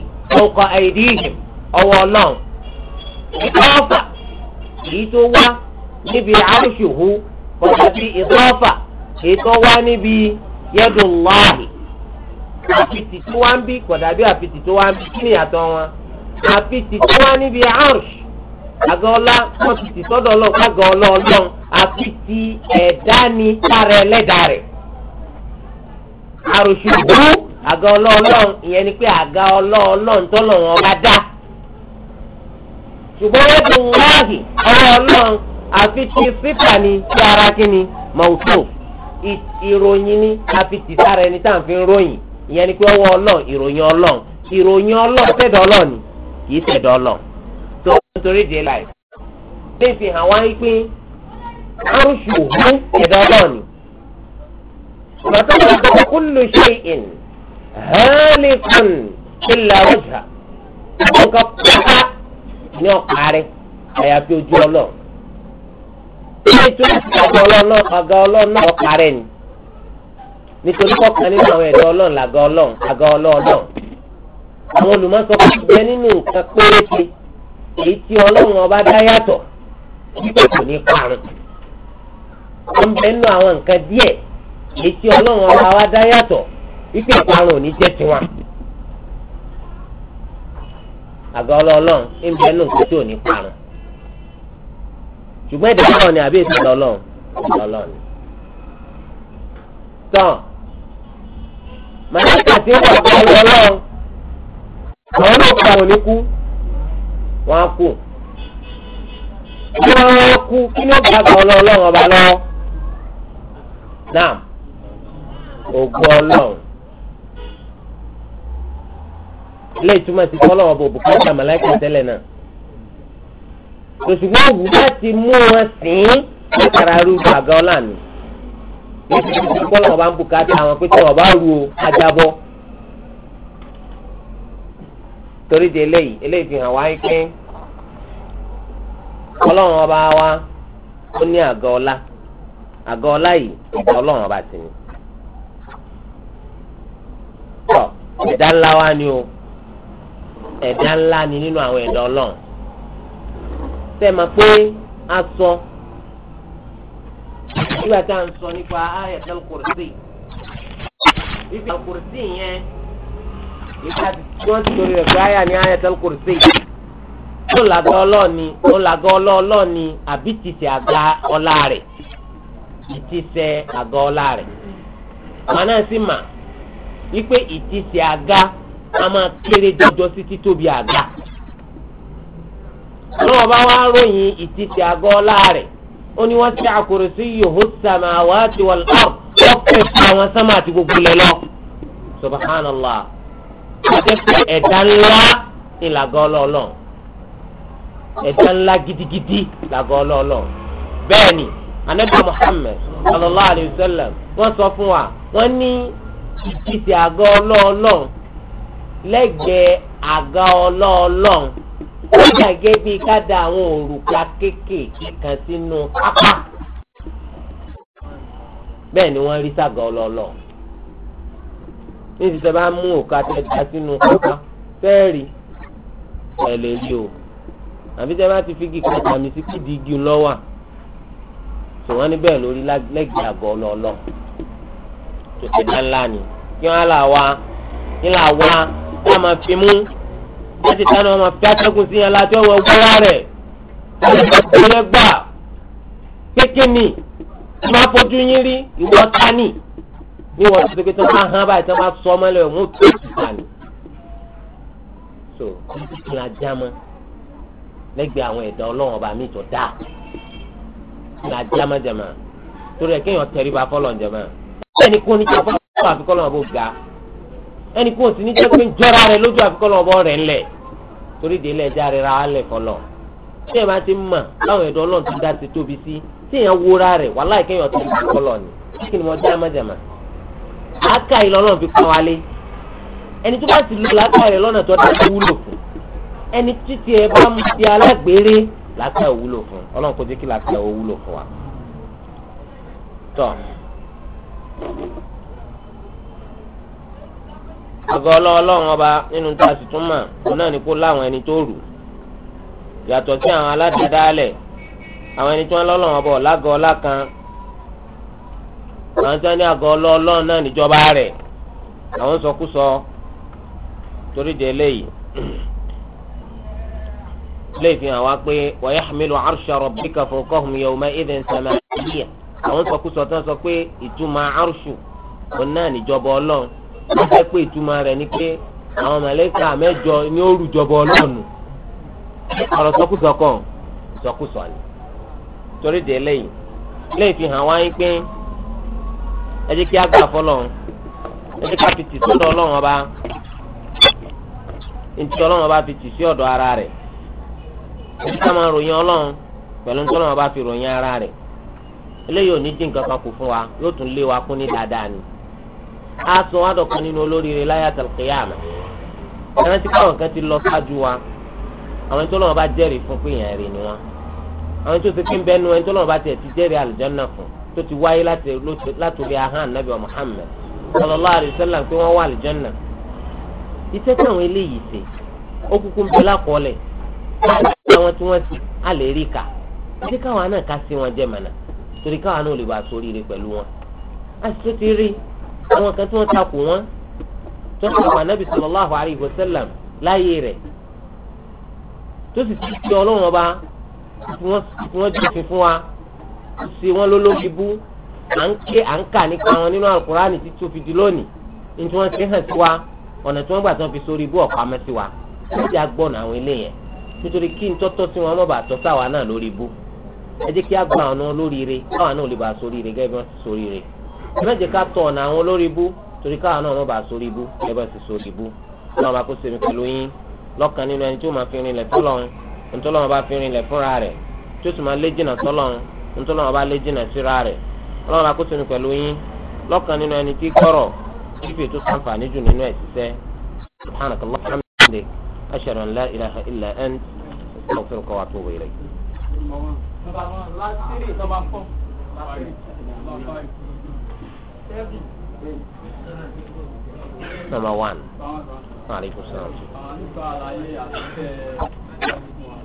ọkọ̀ àìdíhìm ọwọ́ ọlọ́run. ìtọ́fà èyí tó wá níbi ọ̀dà bíi ìtọ́fà èyí tó wá níbi àgọ́ ọlá wọ́n ti ti sọ́dọ̀ ọlọ́run kágọ́ ọlá ọlọ́run àfi ti ẹ̀dá ni sára ẹlẹ́dà rẹ̀. àròṣùgbọ́ àgọ́ ọlá ọlọ́run ìyẹn ni pé àga ọlá ọlọ́run tọ́lọ̀ wọn bá dá. ṣùgbọ́n wọ́n ti ń àfi ti sífà ni sí ara kíni ìròyìn ni àfi ti sára ẹni tá à ń fi ròyìn nítorí daylight lè fi hàn wá pé arúṣù òhún ẹ̀dá ọlọ́ọ̀ni. Bàtà bàtà kullu shay'in halikun illa wajha. Nǹkan pátá ní ọ̀kárí àyàfi ojú ọlọ́ọ̀. Ilé tó ń fi ọ̀gá ọlọ́ọ̀ ọ̀gá ọlọ́ọ̀ náà ni. Nítorí kọ́kàn nínú àwọn ẹ̀dá ọlọ́ọ̀ làgá ọlọ́ọ̀ àgá ọlọ́ọ̀ Àwọn olùmọ̀sọ̀kọ̀ ti jẹ́ nínú nǹkan péréte èyí tí ọlọ́run ọba dá yàtọ̀ nígbà kò ní parun wọn bẹ nù àwọn nǹkan díẹ̀ èyí tí ọlọ́run ọba wa dá yàtọ̀ wípé ìparun ò ní jẹ́ tiwọn. àga ọlọ́ọ̀lọ́run ń bẹ nù nǹkan tí ò ní parun ṣùgbọ́n ẹ̀dá náà ni àbí èsì lọ́lọ́run lọ́lọ́run ni. tán màláìka tí ó wà pẹ̀lú ọlọ́run àwọn náà pa òní kú wọ́n á kú wọ́n á kú kí ló bá gbọ́ ọlọ́run ọba lọ́wọ́ náà ògùn ọlọ́run ilé ìtumọ̀ ti kọ́ ọlọ́run bò bùkátà màláìkà tẹ́lẹ̀ náà tòṣùgbọ́n òwú láti mú wọn sìn ín látara rú àga ọlá mi. Bí wọ́n ti kọ́ ọlọ́run bá ń bùkátà àwọn pé tí wọ́n bá rú o, ajábọ́ torí di eléyìí eléyìí fi hàn wá pé ọlọ́run ọba wa ó ní àgọ́ ọlá àgọ́ ọlá yìí ìgbà ọlọ́run ọba sì ni. tọ́ ẹ̀dá ńlá wa ni o ẹ̀dá ńlá ni nínú àwọn ẹ̀dá ọlọ́run tẹ́ ẹ máa pé a sọ nígbà tá à ń sọ nípa ayatul kursi ìfẹ́ kursi yẹn. ìgbà tí wọ́n ti torí rẹ̀ pé àyà ni àyà tẹ́lẹ̀ kò sí ó làgọ́ ọlọ́ọ̀ni ó làgọ́ ọlọ́ọ̀ni àbí tìṣe àga ọlá rẹ̀ ìtìṣe àga ọlá rẹ̀ sì mà wípé àga a máa kéré jọjọ sí títóbi àga lọ́wọ́ bá wá ròyìn ìtìṣe àga ọlá rẹ̀ ó ní wọ́n ti sí yòó àwọn sámà àti gbogbo lẹ́lọ́ àtẹ̀sẹ̀ ẹ̀dá ńlá ni làgọ́ ọlọ́ọ̀lọ́ ẹ̀dá ńlá gidigidi làgọ́ ọlọ́ọ̀lọ́ bẹ́ẹ̀ ni anabi Muhammad sallallahu alayhi wa sallam wọ́n sọ fún wa wọ́n ní ìfisì àgọ́ ọlọ́ọ̀lọ́ lẹ́gbẹ̀ẹ́ àgọ́ ọlọ́ọ̀lọ́ ó dàgẹ́ bíi ká da àwọn òrùka kéékèèké kan sínú pápá bẹ́ẹ̀ ni wọ́n rí sàgọ́ ọlọ́ọ̀lọ́ọ̀ ní ti sábà mú òkà tẹ da sínú kópa fẹ́ẹ̀rì ẹ̀ lè rí o àbí tẹ bá ti fi kíkà tàmí sí kídi igi lọ́wọ́ tò wọ́n ní bẹ́ẹ̀ lórí lẹ́gbẹ̀ẹ́ àgọ́ ọlọ́ọ̀lọ́ tó ti dá ńlá ni kí wọ́n á là wá kí là wá kí wọ́n máa fi mú láti tánú wọn máa fi atẹ́gùn sí yẹn láti ọwọ́ gbọ́wá rẹ̀ kí wọ́n gbà kékeré ní wọ́n máa fojú yín rí ìwọ́ta ní ní wọn ti pété wọn hàn báyìí tí wọn bá sọ ọmọ lẹ wọn tó ti ta ni so títí tí wọn já mọ lẹ́gbẹ̀ẹ́ àwọn ẹ̀dá Ọlọ́run ọba mi tó dá tí wọn já mọ jẹmọ torí ẹ kéèyàn tẹríba fọlọ jẹmọ ẹni kó ní jẹfọ fún àfikọ́ lọ́wọ́ bó ga ẹni kó sì ní jẹ́ pé ń jọra rẹ lójú àfikọ́ lọ́wọ́ bọ́ rẹ̀ ńlẹ̀ torí délé ẹja rẹ̀ ra lẹ̀ fọlọ́ tí ẹ bá ti mọ̀ láwọn ẹ̀dá Ọlọ́run ti dá ti tóbi sí tí èèyàn wúra rẹ̀ wàláì kéèyàn tẹríba fọlọ́ ni kí ni mo já mọ jẹmọ aka yìí lọ́nà fi kọ́ wálé ẹni tó bá ti lò láka rẹ̀ lọ́nà tó dájú wúlò fún ẹni títí ẹ bá mu ti alágbèrè láka ò wúlò fún ọlọ́run kò jẹ́ kí láka ò wúlò fún wa. tọ́ àgọ́ ọlọ́run ọba nínú tá a sì tún mọ̀ òun náà ni kó láwọn ẹni tó rù yàtọ̀ sí àwọn aládàádáálẹ̀ àwọn ẹni tí wọ́n lọ́lọ́run ọba ọ̀làgọ́ ọlá kan àwọn tí wọ́n ní àgọ́ ọlọ́ọ̀lọ́ọ̀ náà níjọba rẹ̀ àwọn sọkúsọ torí de eléyìí léyìí fi hàn wá pé wa yahmilu arsha rabbika fawqahum yawma idhin samaniyya àwọn sọkúsọ tán sọ pé ìtumọ̀ arṣù òun náà níjọba ọlọ́run wọ́n fẹ́ pé ìtumọ̀ rẹ̀ ni pé àwọn màlàíkà mẹ́jọ ni ó rújọba ọlọ́run ọ̀rọ̀ sọkúsọ kan sọkúsọ ni torí de eléyìí léyìí fi hàn wá yín pé ẹ jẹ́ kí a gbà fọlọ́run ẹ jẹ́ ká fi tì sọ́dọ̀ ọlọ́run ọba ntí ọlọ́run ọba fi tì sí ọ̀dọ̀ ara rẹ̀ ẹ jẹ́ ká máa ròyìn ọlọ́run pẹ̀lú ntí ọlọ́run ọba fi ròyìn ara rẹ̀ eléyìí ò ní dín nǹkan kan kù fún wa yóò tún lé wa kún ní dáadáa ni a sọ wá dọ̀kan nínú olóríire láyà tàlùkìyàmà ẹran tí káwọn kan ti lọ ṣáájú wa àwọn tó lọ́wọ́ bá jẹ́rìí fún pé èèyàn rè ni wọn àwọn tó ti pín bẹ́ẹ̀ nu ẹni tó lọ́wọ́ bá tiẹ̀ ti jẹ́rìí tó ti wáyé látòrí ahán nabi muhammed sallallahu alayhi wa sallam pé wọ́n wà àlùjọ́nà iṣẹ́ táwọn eléyìí ṣe ó kúkú ń bẹ lákọọ́lẹ̀ àwọn tí wọ́n ti á lè rí kà ṣé káwọn náà ká sí wọn jẹ́ mọ̀nà torí káwọn náà lè bá a sóríire pẹ̀lú wọn a sì ti rí àwọn kan tí wọ́n takò wọn tó ń sọ̀rọ̀ Nabi sallallahu alayhi wa sallam láyé rẹ̀ tó sì ti ṣe ọlọ́run ọba tí wọ́n jẹ́ òfin fún wa sí wọn ló lóbi bú à ń ké à ń kà nípa wọn nínú alukurani títí ó fi di lónìí ní tí wọ́n ti hàn sí wa ọ̀nà tí wọ́n gbà tí wọ́n fi sórí bú ọ̀pá mẹ́sí wa wọ́n ti agbọ́nà àwọn ilé yẹn nítorí kí n tọ́tọ́ sí wọn mọ́ba àtọ́ sáwa náà lórí bú ẹ jẹ́ kí a gbọ́n àwọn olóríire káwa náà lè bá a sóríire gẹ́gẹ́ bí wọ́n ti sóríire ẹ má jẹ́ ká tọ̀ ọ̀nà àwọn olórí bú torí káwa náà mọ́ba sórí bú gẹ́gẹ́ bí wọ́n ti sórí bú ọlọ́run bá kó sèmi pẹ̀lú yín nítorí wọn bá lé jìnnà síra rẹ̀ ọlọ́run akóso ni pẹ̀lú yín lọ́kàn nínú ẹni tí gbọ́rọ̀ tí fi ètò sàǹfààní jù nínú ẹ̀ ṣiṣẹ́ subhanakallahumma wa bihamdik ashhadu an la ilaha illa ant astaghfiruka wa atubu ilayk. Number one. Aleykum salaam.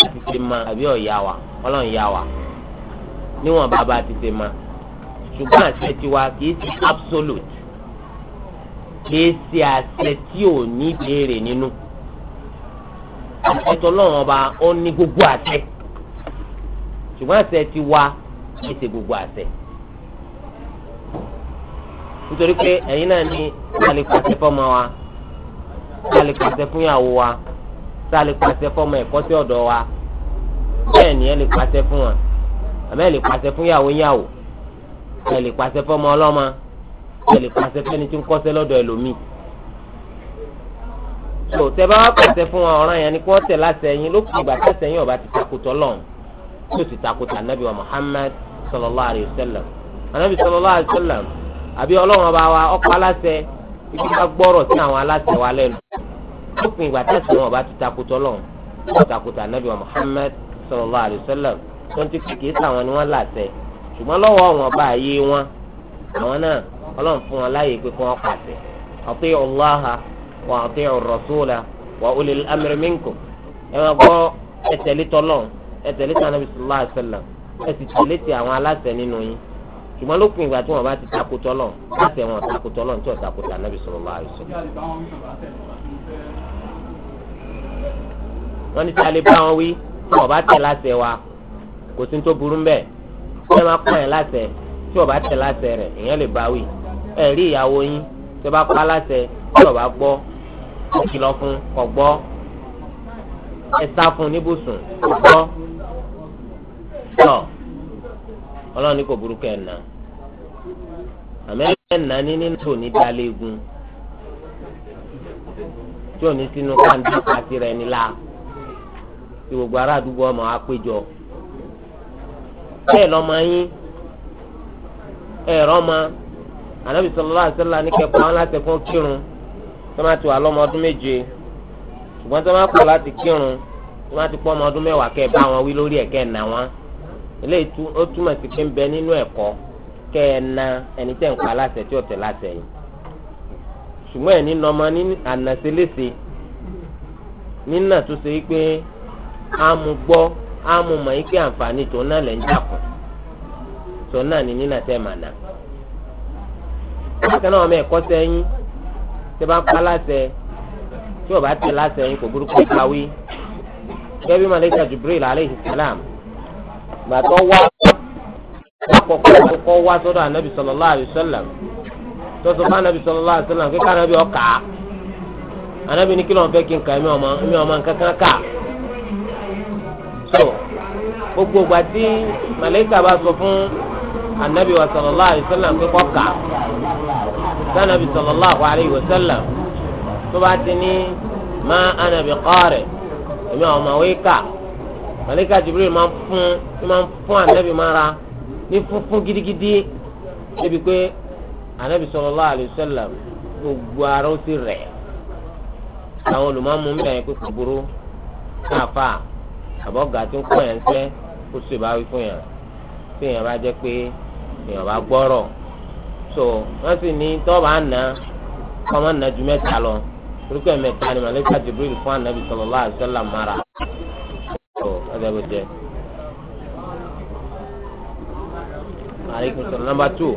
láti ma àbí ọ̀yà wa ọlọ́run yà wa níwọ̀n bàbá ti ma ṣùgbọ́n àṣẹ tiwa kìí ṣe absolute kìí ṣe àṣẹ tí ò ní béèrè nínú àṣẹ tọ́lọ́run ọba ó ní gbogbo àṣẹ ṣùgbọ́n àṣẹ tiwa kìí ṣe gbogbo àṣẹ nítorí pé ẹ̀yin náà ní kálí pàṣẹ fọ́mọ wa kálí pàṣẹ fúnyàwó wa tá a lè pàṣẹ fọmọ ẹ̀kọ́ sí ọ̀dọ̀ wa bẹ́ẹ̀ ni ẹ lè pàṣẹ fún wọn àmọ́ ẹ lè pàṣẹ fún yàwó yàwó ẹ lè pàṣẹ fọmọ ọlọ́mọ ẹ lè pàṣẹ fẹ́ni tí ń kọ́ṣẹ́ lọ́dọ̀ ẹlòmíì so tẹ bá wá pàṣẹ fún wọn ọ̀ràn yẹn ni kí wọ́n tẹ̀ láṣẹ yín lókè ìgbà tẹ̀sẹ̀ yín ọba ti takùtọ̀ lọ́n tó ti takùtọ̀ anabi wa Muhammad sallallahu alayhi wa sallam anabi sallallahu alayhi wa sallam àbí ọlọ́run ọba wa ọkọ̀ aláṣẹ ibi ká gbọ́rọ̀ sí àwọn lópin ìgbà tẹ̀sán wọn bá ti takùtọ̀ lọ́hùn wọn takùtà nàbí wa Muhammad sallallahu alayhi wa sallam tó ń ti kékeré sáwọn ni wọ́n làṣẹ ṣùgbọ́n lọ́wọ́ wọn bá ayé wọn àwọn náà ọlọ́run fún wọn láàyè pé kí wọ́n pàṣẹ ati'u Allaha wa ati'u ar-rasula wa ulil amri minkum ẹ máa gbọ́ ẹ tẹ̀lé tọ́lọ́run ẹ tẹ̀lé tí sallallahu alayhi wa sallam ẹ sì tẹ̀lé ti àwọn aláṣẹ nínú yín ṣùgbọ́n lópin ìgbà tí wọ́n bá ti takò tọ́lọ́run láṣẹ wọn takò tọ́lọ́run tí wọ́n takò tà sallallahu alayhi wa sallam wọ́n ní tí a lè bá wọn wí tí wọ́n bá tẹ̀ láṣẹ wa kò sí tó burú mbẹ́ ẹ máa pọ̀ yẹn láṣẹ tí wọ́n bá tẹ̀ láṣẹ rẹ̀ ìyẹn lè bá wí ẹ rí ìyàwó yín tí wọ́n bá pa láṣẹ tí wọ́n bá gbọ́ ó kìlọ̀ fún kò gbọ́ ẹ sá fún níbùsùn kò gbọ́ tọ̀ ọlọ́run ní kò burúkú ẹ̀ nà àmì nà ní nínú tòní dalẹ́gun tí ò ní sínú káńtà àti rẹ̀ nílá tí gbogbo ará àdúgbò ọmọ apéjọ bẹ́ẹ̀ lọ́mọ yín ẹ̀rọ ma anabi sallallahu alaihi wasallam ní kẹfọ́ wọn láti fún kírun tó máa ti wà lọ́mọ ọdún méje ṣùgbọ́n tó máa kọ̀ láti kírun tó máa ti pọ́ ọmọ ọdún mẹ́wàá kẹ́ bá wọn wí lórí ẹ̀ kẹ́ nà wọn eléyìí ó túmọ̀ sí pé ń bẹ nínú ẹ̀kọ́ kẹ́ ẹ na ẹni tẹ́ ń pa láṣẹ tí ó láṣẹ yìí ṣùgbọ́n ẹ̀ ní nọmọ ní ànàṣeléṣe nínà tó ṣe é pé àmú gbọ́ àmú mọ̀ ike tó náà lẹ́ ń jàkùn tó náà ní nínà tẹ́ màná. bákan náà ọmọ ẹ̀kọ́ sẹ́yìn tí bá pa láṣẹ tí ò bá tẹ̀ láṣẹ yín kò burúkú kawí. gẹ́gẹ́ bí malayika Jibril aleyhi salam gbàtọ́ wá lákòókò àkókò wa anabi sallallahu alaihi anabi anabi kí lóun kí kà. so gbogbo gba tí malayika bá sọ fún anabi wa sallallahu alayhi wa sallam pé kọ́ kà sanabi sallallahu alayhi wa sallam tó bá ti ní ma anabi qari èmi àwọn ọmọ wíkà malayika jibril máa ń fún máa ń fún anabi mara ní funfun gidigidi níbi pé anabi sallallahu alayhi gbogbo ara ó ti rẹ̀ àwọn olùmọ̀ọ́mú ń bẹ̀rẹ̀ pé kò burú káfa àbọ̀ gà tó kọ́ yẹn sẹ́ kó sì bá wí fún yẹn tí yẹn bá jẹ́ pé èèyàn bá gbọ́rọ̀ so wọ́n sì ní tọ́ba àná kọ́mọ́ nà ju mẹ́ta lọ orúkọ mẹ́ta ni màlẹ́kà Jibril fún anabi sallallahu alaihi wasallam mara so ọ̀dọ̀ bó jẹ́. aleykum salaam number two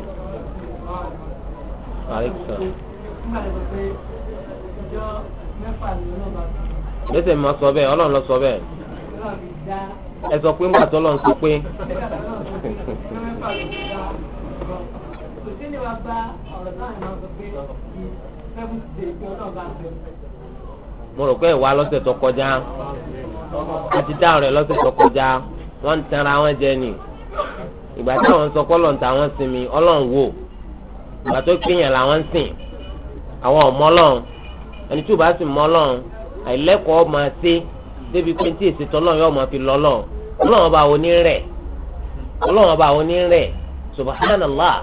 aleykum salaam. gbèsè mi ma sọ bẹ́ẹ̀ ọlọ́run lọ sọ bẹ́ẹ̀ ẹ sọ pé ńgbà tọ́lọ̀ ń sọ pé. mo rò pé ìwà lọ́sẹ̀ tó kọjá àti dáhùn rẹ̀ lọ́sẹ̀ tó kọjá wọ́n ń tanra wọn jẹ ni ìgbà táwọn sọ pé ọlọ́run táwọn sinmi ọlọ́run wò ìgbà tó kéèyàn làwọn sìn àwọn ọmọ ọlọ́run ẹni tí ò bá sì mọ ọlọ́run àìlẹ́kọ̀ọ́ máa ṣe débi pé tí èsì tọ́lọ́ yóò máa fi lọ́ lọ́wọ́ ọlọ́wọ́n bá wo ní rẹ̀ ọlọ́wọ́n bá wo ní rẹ̀ subhanallah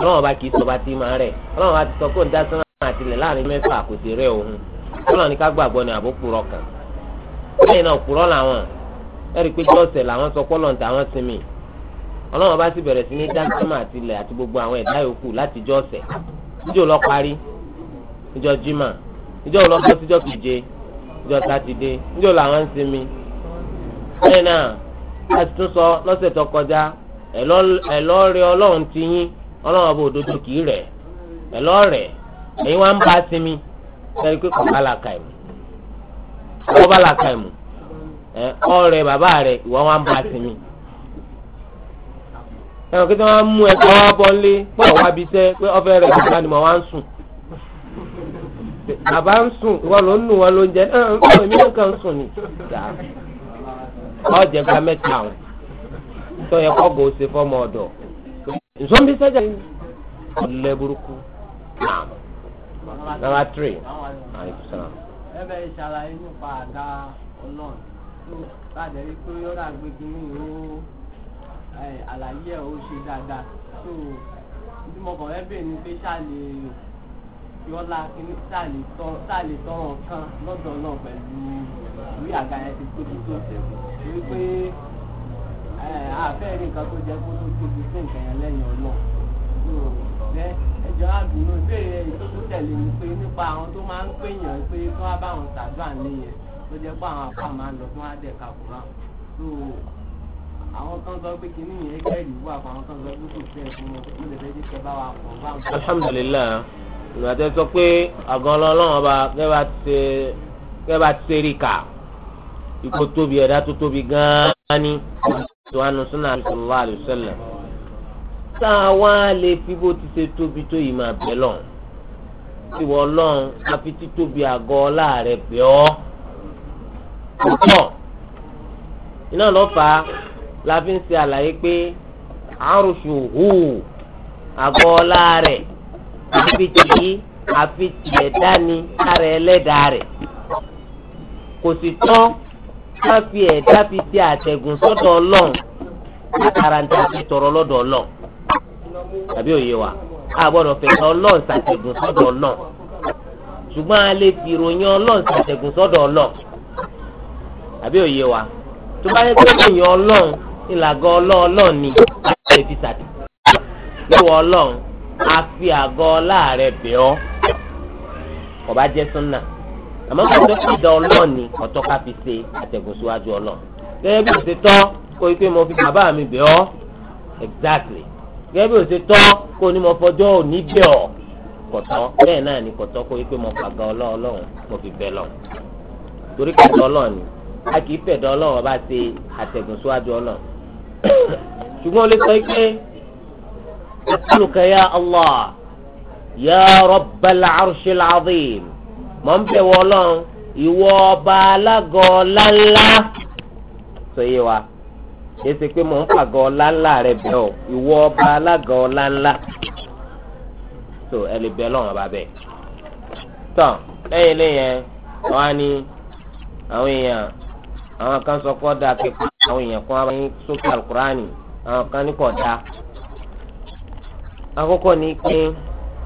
ọlọ́wọ́n bá kì í sọba tí máa rẹ̀ ọlọ́wọ́n bá ti sọ kó ń dá sọ́nà àtìlẹ̀ láàrin mẹ́fà kò sí rẹ̀ òun ọlọ́wọ́n ní ká gbàgbọ́ ni àbó kúrọ̀ kan lẹ́yìn náà kúrọ̀ làwọn ẹ̀rí pé jọ́ọ̀sẹ̀ làwọn sọ pọ́lọ̀ ní tàwọn sinmi ọlọ́wọ́n bá sì bẹ̀rẹ̀ sí ní dá sọ́nà àtìlẹ̀ àti gbogbo àwọn ẹ̀dá yòókù láti jọ́ọ̀sẹ̀ níjó lọ parí níjọ́ jimá ìjọ wo lọ́kọ́ síjọ́ keje ìjọ sátidé ìjọ làwọn ń sinmi lẹ́yìn náà a ti tún sọ lọ́sẹ̀ tó kọjá ẹ̀lọ́ọ̀rẹ́ ọlọ́run ti yín ọlọ́run ọba òdodo kì í rẹ̀ ẹ̀lọ́ọ̀rẹ́ ẹ̀yin wá ń bá sinmi sẹ́ni pé kọ̀ọ̀bá la ka ìmù kọ̀ọ̀bá la ka ìmù ọ̀rẹ́ bàbá rẹ̀ ìwọ wá ń bá sinmi ẹ̀rọ kí tí wọ́n mú ẹ̀kọ́ bọ́lé pọ̀ wá bisẹ́ pé ọ̀fẹ́ rẹ̀ kọ̀ọ̀bá ni mo wá ń sùn bàbá ń sùn wọn ló ń nù wọn ló ń jẹ náà ń sùn èmi nìkan ń sùn ni. ọ̀jẹ̀ gba mẹ́ta àwọn tó yẹ kọ́ gòó ṣe fọ́mọ ọ̀dọ̀ nsọ́nbí sẹ́jà ni ọ̀lẹ́ burúkú nàmbà tírì àìsàn. ẹ bẹ ìṣàlàyé nípa àdá ọlọ́run tó láti rí pé yọ̀rọ̀ àgbégbé ní ìhó àlàyé ẹ̀ ó ṣe dáadáa tó ìdúmọ̀kọ̀ ẹ bẹ̀ ni pé ṣáà lè yọlá kìíní tá a kan lọ́dọ̀ náà pẹ̀lú ìwé àga yẹn ti tóbi tó ṣẹ̀kù torí pé àfẹ́ nǹkan tó jẹ́ kó tó tóbi sí nǹkan yẹn lẹ́yìn ọlọ́ọ̀ ẹjọ́ àdúró ìbéèrè ìtókù tẹ̀lé ni pé nípa àwọn tó máa ń pèèyàn pé kí wọ́n bá wọn ṣàdúrà nìyẹn tó jẹ́ pé àwọn àpá máa ń lọ fún àdẹ̀ka kúrán àwọn kan sọ pé kínní yẹn kẹ́rì wà fún àwọn kan sọ pé kò fẹ́ fún wọn mo lè fẹ́ jẹ́ kẹ́ bá wa pọ̀ bá wọn. alhamdulilayi olùwàtẹ́ sọ pé àgọ́ ọlọ́run ọba gẹ́gẹ́ bá ti rí kà ikú tóbi ẹ̀dá tó tóbi gan-an ní tó wà nù súnà sallallahu alaihi wasallam. tá a wá lè fi bó ti ṣe tóbi tó yìí máa bẹ̀ lọ ìwọ ọlọ́run àfi títóbi àgọ́ ọlá bẹ̀ ọ́ púpọ̀ iná lọ fà á la fi ń ṣe àlàyé pé àrùsù hù àgọ́ ọlá àfi tì í àfi tiẹ̀ dání lára ẹlẹ́dàá rẹ̀ kò sì tán ká fi ẹ̀dá fi ti àtẹ̀gùn sọ́dọ̀ ọlọ́run látara ní àti tọrọ lọ́dọ̀ ọlọ́run tàbí òye wa a gbọ́dọ̀ fẹ̀sọ̀ ọlọ́run ṣàtẹ̀gùn sọ́dọ̀ ọlọ́run ṣùgbọ́n a lè fi ìròyìn ọlọ́run ṣàtẹ̀gùn sọ́dọ̀ ọlọ́run tàbí òye wa tó bá yẹ kó ìròyìn ọlọ́run ìlàgọ́ ọlọ́ọ̀lọ́ọ̀ ni a lè fi ṣàtẹ̀gùn lọ́wọ́ a fi àgọ́ láàrẹ̀ bẹ̀ ọ́ kò bá jẹ́ súnà àmọ́ kò tó fi dán ọlọ́ọ̀ ni ọ̀tọ́ ká fi ṣe àtẹ̀gùn síwájú ọlọ́ọ̀ gẹ́gẹ́ bí o ṣe tọ́ kó ike mo fi bàbá mi bẹ̀ ọ́ exactly gẹ́gẹ́ bí o ṣe tọ́ kó ní mo fọjọ́ òní bẹ̀ ọ́ kọ̀tọ́ bẹ́ẹ̀ náà ni kọ̀tọ́ kó ike mo fàgà ọlọ́ọ̀lọ́hún mo fi bẹ̀ lọ torí kẹ̀tọ́ ọlọ́ọ̀ ni a kì í fẹ̀dọ̀ ọlọ́ọ̀ bá ṣe àtẹ̀gùn síwájú ọlọ́ọ̀ [coughs] ṣùgbọ́n o lè sọ pé أسألك يا الله يا رب العرش العظيم من بولون يوابا لغولا لا سيوا yẹsẹ pé mò ń pàgọ́ ọlá ńlá rẹ bẹ ọ ìwọ ọba alága ọlá ńlá tó ẹlẹ bẹ lọ́wọ́n bá bẹ. tọ́ lẹ́yìn lẹ́yìn wọn á ní àwọn èèyàn àwọn kan sọ kọ́ da kẹ́kọ̀ọ́ àwọn èèyàn kan á bá yín sókè alukurani àwọn kan ní kọ̀ da àkọ́kọ́ ni pé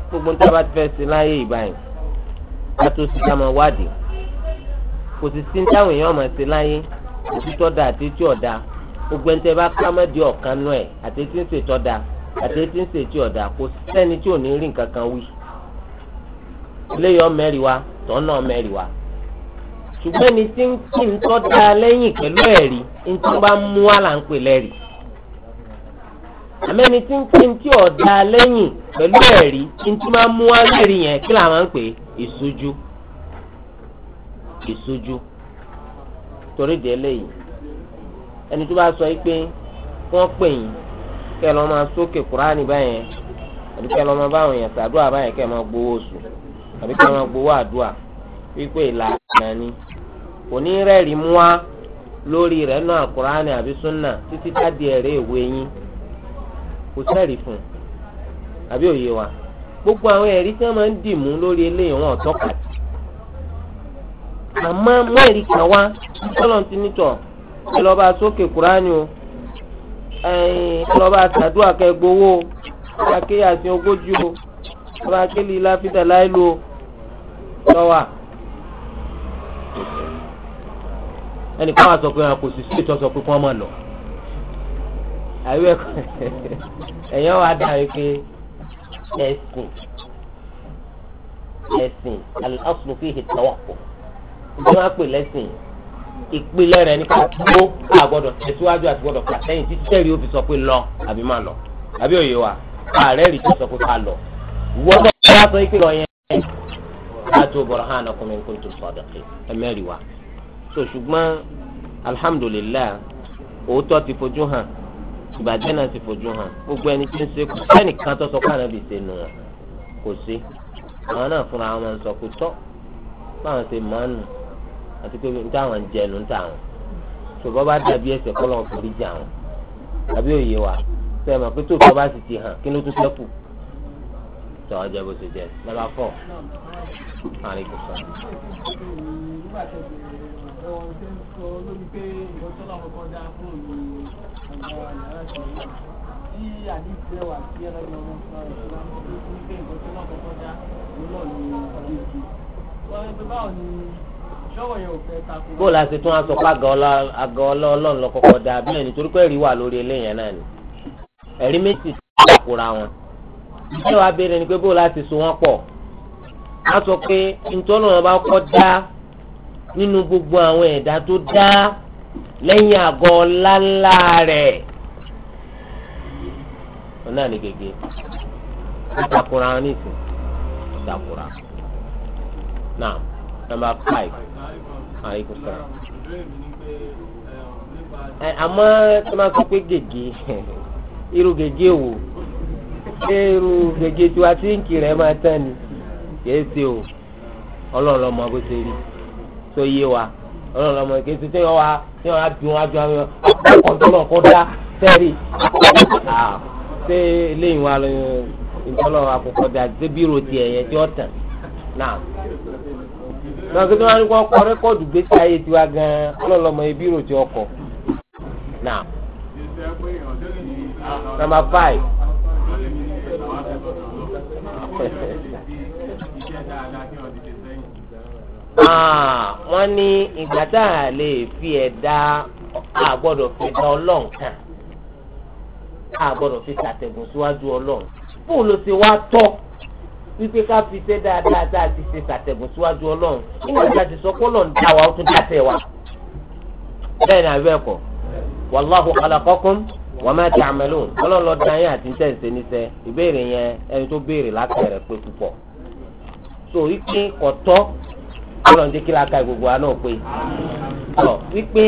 gbogbo níta bá ti fẹ́ ṣe láyé ìbáyìí kátó sí ká máa wádìí kò sì sí táwọn èèyàn máa ṣe láyé òtítọ́ da àti tí ọ̀dà gbogbo ẹni tẹ́ bá ká mẹ́dìí ọ̀kan nú ẹ̀ àti tí ń ṣètọ́ da àti tí ń ṣètí ọ̀dà kò sẹ́ni tí ò ní rí nǹkan kan wí iléyọ̀ mẹ́rin wa tọ́nà mẹ́rin wa ṣùgbọ́n ẹni tí ń kí lẹ́yìn pẹ̀lú ẹ̀rí ń bá mú àlàǹpẹ̀ lẹ́rìí àmẹ́ni tí ń pè ní tí ọ̀dà lẹ́yìn pẹ̀lú ẹ̀rí kí n tí máa mú wá lẹ́rí yẹn kí làwọn ń pè ìṣojú ìṣojú torí dé lẹ́yìn ẹni tó bá sọ yìí pé wọ́n pè yín kẹ́ lọ́ máa sókè kúránì báyẹn àbí kẹ́ lọ́ máa báwọn yẹn sàdúrà báyẹn kẹ́ máa gbowó oṣù àbí kẹ́ máa gbowó àdúrà wípé ìlànà ni kò ní rẹ́ẹ̀rí mú wá lórí rẹ̀ náà kúránì àbí súnà títí tá di ẹ̀rẹ́ ìwé yín kò sẹ́ẹ̀rì fún un àbí òye wa gbogbo àwọn ẹ̀rí tí wọ́n máa ń dìmú lórí eléyìí wọn ọ̀tọ́ kàtì àmọ́ mẹ́rin kan wá tọ́lọ̀ ti nítọ̀ ẹ lọ́ọ́ bá sókè kúránì o ẹ lọ́ọ́ bá sàdúrà kẹ gbowó o ọba kéyàsí ogójì o ọba kéli láfíìdà láìlú o lọ́wà. ẹnì kan wà sọ pé wọn kò sì sí ètò sọ pé kí wọ́n máa lọ àbí ẹ̀kọ́ ẹ̀yàn wà dàrí pé ẹ̀sìn ẹ̀sìn alásùn fi hì tọ́wọ̀pọ̀ ìjọba máa pè lẹ́sìn ìpìlẹ̀ rẹ̀ ní ká tó àgbọ̀dọ̀ tẹ̀síwájú àti gbọ́dọ̀ fà sẹ́yìn títí tẹ̀rí ó fi sọ pé lọ àbí má lọ àbí òye wa ààrẹ rí tó sọ pé ká lọ wọ́dọ̀ tó wá sọ pé lọ yẹn láti bọ̀rọ̀ hàn ọkùnrin kò tó sọ̀dọ̀ ẹ̀mẹ́rì wa. so ṣùgbọ́n alhamdulillah òótọ́ ti fojú hàn ìbàjẹ́ náà ti fojú hàn gbogbo ẹni tí ń ṣe kò sẹ́nìkan tó sọ pé ànábì ṣe nù wọn kò sí àwọn náà fúnra wọn máa ń sọ pé tọ́ báwọn ṣe máa ń nù àti pé ní táwọn ń jẹnu ń táwọn ṣùgbọ́n bá dàbí ẹsẹ̀ kọ́ lọ́wọ́ forí jà wọn àbí òye wa sọ ma pé tó tọ́ bá sì ti hàn kí ló tún sẹ́kù tọ́ ọjà bó ṣe jẹ lọ́ba fọ́ àríkùsọ. nígbà sọ lórí pé ìrọ́tọ́lá ọkọ̀ dá fún òun ní ọ̀gá yàrá ìṣòro tí àdìsẹ́ sí ẹlẹ́gbẹ̀ẹ́ ọmọ ìṣòro ìṣòro tó ti pé ìrọ́tọ́lá ọkọ̀ dá lọ́ọ̀ ní ọdún ni bóòlù àti tún aṣọ pa àgọ́ ọlọ́ọ̀lọ́ kọ́kọ́ dá bílẹ̀ nítorí pé ẹ̀rí wà lórí eléyẹn náà ni ẹ̀rí méjì ti dàkúra wọn ìṣe wa béèrè ni pé bóòlù àti so wọn pọ̀ wọ́n sọ pé ntọ́nà wọn bá kọ́ dá nínú gbogbo àwọn ẹ̀dá tó dá lẹ́yìn àgọ́ ńláńlá rẹ̀ wọn náà ní gègé wọn takura wọn ní takura náà nọ́mbà five àríkù ah, sọ̀rọ̀ ẹ àmọ́ tí wọ́n sọ pé gègé [laughs] irú gègé wò irú gègé tiwa ti ń kiri ẹ máa tán o ọlọ́ọ̀lọ́ bó ṣe rí tó yé wa ọlọ́run lọ́mọ èké ṣe tẹ́ wa tẹ́ wa bí wọn adúlá wọn ọkọ̀ tọ́lọ̀ kọ́ dá sẹ́ẹ̀rì ṣé lẹ́yìn wa ìtọ́lọ̀ àkọ́kọ́ dá ṣé bírò tiẹ̀ yẹn tí ó tàn náà náà kí wọ́n á ní kó gbèsè ayé tiwa gan-an ọlọ́run tí ó náà. Number five. Ah, wọ́n ní ìgbà tá a lè fi ẹ̀dá a gbọ́dọ̀ fi ẹ̀dá ọlọ́run kan a gbọ́dọ̀ fi ṣàtẹ̀gùn síwájú ọlọ́run fóun ló ti wá tọ́ wípé ká fi ṣe dáadáa tá a ti ṣe ṣàtẹ̀gùn síwájú ọlọ́run nígbà tá a ti sọ pé ọlọ́run dá wa ó tún dá tẹ̀ wa bẹ́ẹ̀ ni àbẹ́ ẹ̀kọ́ wàláhù alákọ́kún wà má ti àmẹ́lò ọlọ́lọ́ dání àti ń tẹ̀sẹ̀ níṣẹ́ ìbéèrè yẹn ẹni tó béèrè látẹ̀rẹ̀ pé púpọ̀ so ike kọ̀tọ́ ọlọ́run jẹ́ kí la ka gbogbo àná pé ọ wípé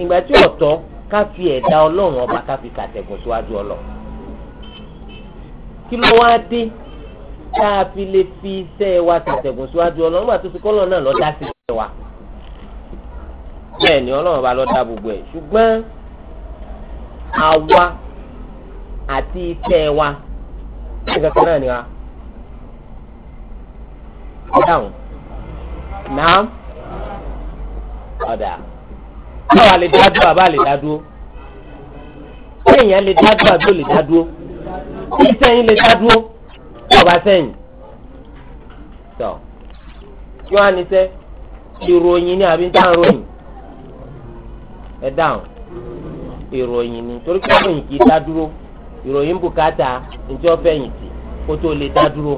ìgbà tí ọ̀tọ̀ ká fi ẹ̀dá ọlọ́run ọba ká fi ṣàtẹ̀gùn síwájú ọlọ kí ló wá dé tá a fi lè fi iṣẹ́ wa ṣàtẹ̀gùn síwájú ọlọ nígbà tó fi kọ́ ọlọ́run náà lọ́ọ́ dá sí iṣẹ́ wa bẹ́ẹ̀ ni ọlọ́run ọba lọ́ọ́ dá gbogbo ẹ̀ ṣùgbọ́n àwa àti iṣẹ́ wa ní kankan náà ni wa. Dáhùn náà ọ̀dà báwa lè dá dúró àbá lè dá dúró sẹ́yìn lè dá dúró àbí ò lè dá dúró bí sẹ́yìn lè dá dúró ọba sẹ́yìn tọ́ kí wọ́n á ní sẹ́ ìròyìn ni àbí ń tàn ròyìn ẹ dáhùn ìròyìn ni torí pé ìròyìn kì í dá dúró ìròyìn bùkátà ní tí wọ́n fẹ̀yìntì kó tó lè dá dúró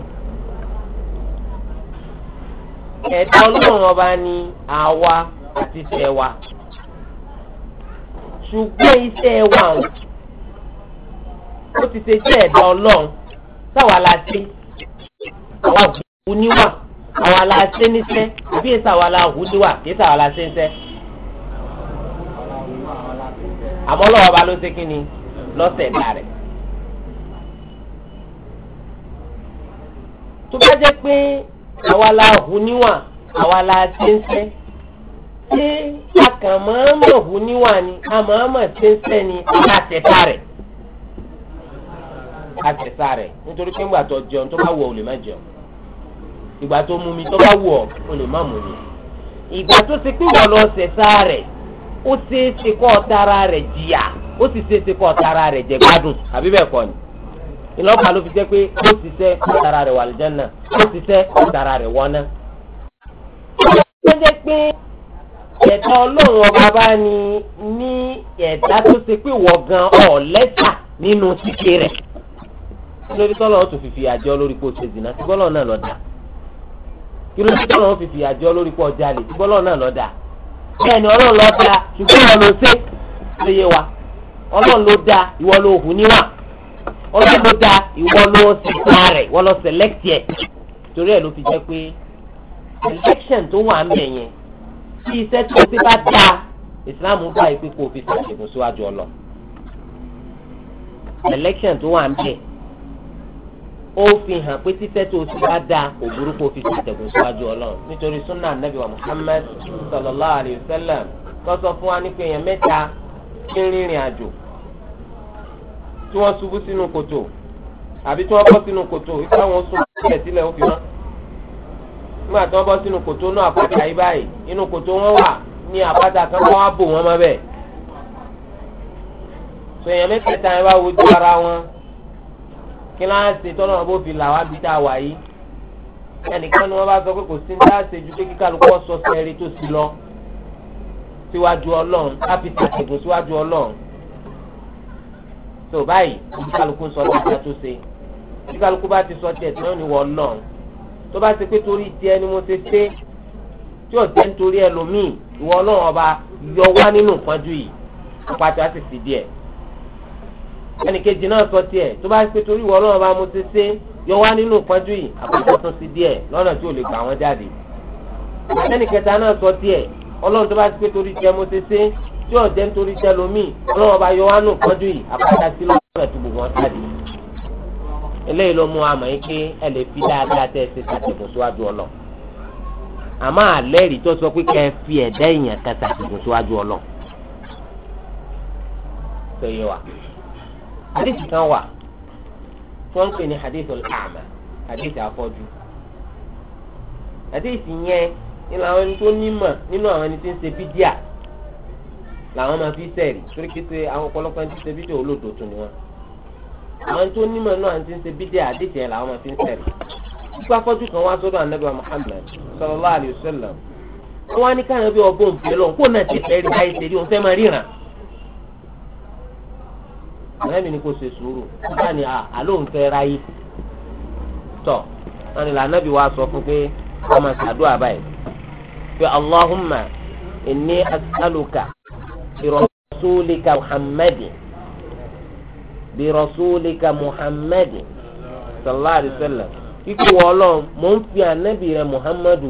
ẹ̀dá ọlọ́run ọba ni àwa àti iṣẹ́ wa ṣùgbọ́n iṣẹ́ wa ò ó ti ṣe jẹ́ ẹ̀dá ọlọ́run sáwa la ṣe àwa hù níwà àwa la ṣe níṣẹ́ àbí èsì àwa la hù níwà èsì àwa la ṣe níṣẹ́ àmọ́ ọlọ́run ọba ló ṣe kí ni lọ́sẹ̀ dà rẹ̀. tó bá jẹ́ pé àwa la hù níwà àwa la tẹ́ńsẹ́ ṣé akàmọ́ọ́mọ̀ hù níwà ni àmọ́ọ́mọ̀ tẹ́ńsẹ́ ni alátẹ̀ta rẹ̀ àtẹ̀sá rẹ̀ nítorí pé ńgbà tó jẹun tó bá wù ọ́ ò lè má jẹun ìgbà tó mumi tó bá wù ọ́ ò lè má mumi ìgbà tó ti pín wọ́n lọ ṣẹ̀sá rẹ̀ ó ṣeé ṣe kọ́ ọ̀tara rẹ̀ jìyà ó sì ṣeé ṣe kọ́ ọ̀tara rẹ̀ jẹ àbí bẹ́ẹ̀ kọ́ ni ìlọ́pàá ló fi jẹ́ pé ó ṣiṣẹ́ ọ̀tara rẹ̀ wà lìjánà ó ṣiṣẹ́ ọ̀tara rẹ̀ wọ́ná. ó jẹ́ pé ẹ̀tọ́ ọlọ́run ọba bá ní ní ẹ̀dá tó ṣe pé wọ̀ gan ọ̀ lẹ́tà nínú ṣíṣe rẹ̀. lórí tọ́lọ̀ ó tún fìfì àjọ lórí pé ó ṣe zìnà tí bọ́lọ̀ náà lọ dà. kí ló dé tọ́lọ̀ ó fìfì àjọ lórí pé ọjà lè tí bọ́lọ̀ náà lọ dà. bẹ́ẹ̀ ni ọlọ́run ló dá ṣùgbọ́n ìwọ ọlọ́run ló da ìwọ ló ṣẹ̀dá rẹ̀ ìwọ ló select ẹ̀ torí ẹ̀ ló fi jẹ́ pé election tó wà ń bẹ̀ yẹn tí iṣẹ́ tó ti bá da ìsìláàmù bá ìpè kó fi ṣàṣẹ̀gùn síwájú ọlọ election tó wà ń bẹ̀ ó fi hàn pé títẹ́ tó ti bá da kò burú kó fi ṣàṣẹ̀gùn síwájú ọlọ nítorí sunnah nabi wa muhammad sallallahu alayhi wa sallam tó sọ fún wa nípa èèyàn mẹ́ta tí ń rìnrìn àjò tí wọ́n ṣubú sínú kòtò àbí tí wọ́n bọ́ sínú kòtò ìfẹ́ àwọn sùn sílẹ̀ sílẹ̀ ó fi wọ́n. nígbà tí wọ́n bọ́ sínú kòtò náà àpáta yìí báyìí inú kòtò wọn wà ní àpáta kan wọ́n á bò wọ́n mọ́ bẹ́ẹ̀. sèèyàn mẹ́tẹ̀ẹ̀ta yẹn bá wojú ara wọn kí láǹsì tọ́nà bó fi là wá bí tá a wà yìí. ẹnìkan ni wọ́n bá sọ pé kò sí ní láǹsì ju pé kíkálukọ́ sọ sẹ́ẹ̀rì tó sì lọ síwájú ọlọ́run láfi tàkìgùn síwájú ọlọ́run tó báyìí ibi kálukú sọ dáadáa tó ṣe ibi kálukú bá ti sọ tiẹ̀ tí wọ́n ní wọ́n náà tó bá ṣe pé torí tiẹ̀ ni mo ṣe ṣe tí ò jẹ́ nítorí ẹlòmíì ìwọ ọlọ́run ọba yọ wá nínú ìpọ́njú yìí àpàtà sì fi díẹ̀ ẹnìkejì náà sọ tiẹ̀ tó bá ṣe pé torí ìwọ ọlọ́run ọba mo ṣe ṣe yọ wá nínú ìpọ́njú yìí àpàtà tó sì díẹ̀ lọ́nà tí ò lè gbà wọ́n jáde ẹnìkẹta náà sọ tiẹ̀ ọlọ́run tó bá ṣe pé torí tiẹ̀ mo ṣe ṣe tí yóò jẹ́ nítorí tẹlomi ọlọ́wọ́ bá yọ wánú kọ́jú yìí àpáta sí lọ́wọ́ rẹ̀ tó gbogbo wọn jáde. eléyìí ló mú àmọ́ yín pé ẹ lè fi dáadáa tẹ́ ẹ ṣe ṣàtẹ̀gùn síwájú ọlọ àmọ́ àlẹ́ rí tó sọ pé kẹ́ ẹ fi ẹ̀dá èèyàn kan ṣàtẹ̀gùn síwájú ọlọ. sọ yẹ wa hadith kan wà fún ń pè ní hadith al-a'ma hadith afọ́jú hadith yẹn ni àwọn ẹni tó nímọ̀ nínú àwọn ẹni tó ń ṣe bídíà làwọn máa fi sẹ́ẹ̀rì torí kété àwọn ọ̀pọ̀lọpọ̀ ẹni tí ń ṣe bídíò olódò tó ni wọn. àwọn tó nímọ̀ náà ti ń ṣe bídíò àdìtẹ̀ làwọn máa fi ń sẹ́ẹ̀rì. ikú afọ́jú kan wá sọ́dọ̀ anabi Muhammad sallallahu alayhi wa sallam. wọ́n wá ní káyọ̀ bí ọgbọ́n òfin lọ kó náà ti fẹ́ẹ́ rí báyìí ṣe rí òun fẹ́ máa ríran. àlẹ́mi ni kò ṣe sùúrù nígbà ni ah, àlóhùn fẹ́ ráyé. tọ́ wọn ni lànàbí wa sọ fún pé wọ́n máa ṣàdúrà Allahumma inni as'aluka برسولك محمد برسولك محمد صلى الله عليه وسلم muhammadu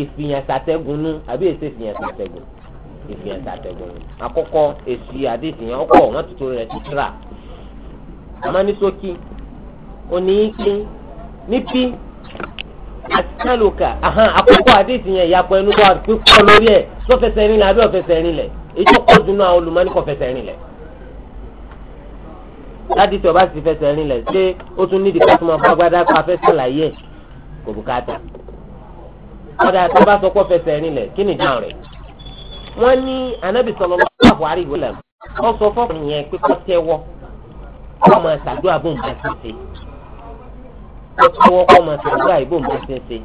ìfìyàn sàtẹ́gùn àbí èsì ìfìyàn sàtẹ́gùn ìfìyàn sàtẹ́gùn àkọ́kọ́ èsì àdé ìfìyàn ọkọ̀ wọ́n tuntun rẹ̀ ti àmọ́ ní asálùkà àhàn àkókò àdéhìí yẹn ìyàpọ̀ ẹnu wà pípọ̀ lórí ẹ̀ sọ́fẹsẹ̀ rinlẹ̀ àbí ọ̀fẹsẹ̀ rinlẹ̀ ètò ọ̀dùnú àwọn olùmọ́ni kò fẹsẹ̀ rinlẹ̀ láti tí ọba sì fẹsẹ̀ rinlẹ̀ ṣé ó tún nídìí ká tó máa fagbádá pa fẹsẹ̀ láyé kò bùkátà kọ́dà tó bá sọ pé fẹsẹ̀ rinlẹ̀ kí ni ìdáhùn rẹ̀ wọ́n ní anábì sallallahu alaihi wasallam wọ́n sọ fọ́ọ̀kùnrin yẹn pé kọ́ tẹ́wọ́ kọ́ máa ṣàdúrà bóun bá ti ṣe ó tọwọ́ kọ́ ọmọ sàdúrà ìbò ń bá ṣe ṣe.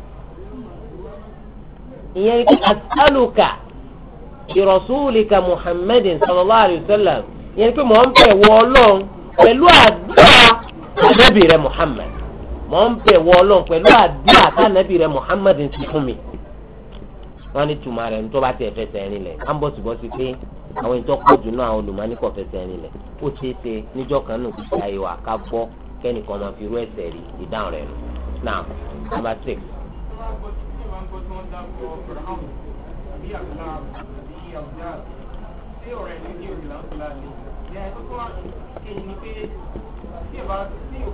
ìyẹn ikú asálùkà ìrọ̀súlìkà muhammadin sallallahu alayhi wa sallam ìyẹn pé mò ń bẹ̀ wọ ọlọ́run pẹ̀lú àdúrà ànábì rẹ muhammad mò ń bẹ̀ wọ ọlọ́run pẹ̀lú àdúrà ànábì rẹ muhammad ti fún mi. wọ́n ní tùmọ̀ rẹ̀ ní tó bá tiẹ̀ fẹsẹ̀ ẹni lẹ̀ á ń bọ̀ síbọ̀ sí pé àwọn ìjọ pọ̀ jù náà àwọn olùmọ̀ nípa fẹsẹ̀ ẹni lẹ̀ ó ṣeé ṣe níjọ́ kan nù kẹ́nìkan máa fi rú ẹsẹ̀ rí ìdáhùn rẹ̀ nù. now number six. ara ara àwọn ẹgbẹ́ tó ń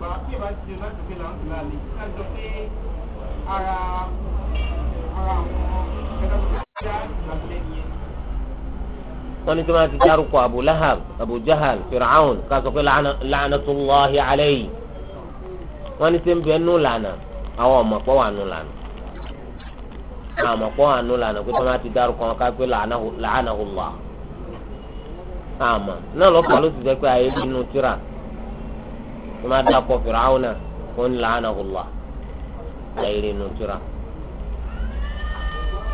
bá ìgbà tẹ̀lé yẹn wọ́n ní tó máa ti dárúkọ abu lahab abu jahal firaun ká sọ pé la'natullahi alayhi wọ́n ní sẹ́ńbì ẹ̀ nù lànà àwọn ọmọ pọ̀ wà nù lànà àwọn ọmọ pọ̀ wà nù lànà pé tó máa ti dárúkọ ká pé la'anahullah àmọ́ náà lọ́kàn ló ti jẹ́ pé ayé nínú tíra tó máa dákọ̀ firaun náà wọ́n ní la'anahullah ayé nínú tíra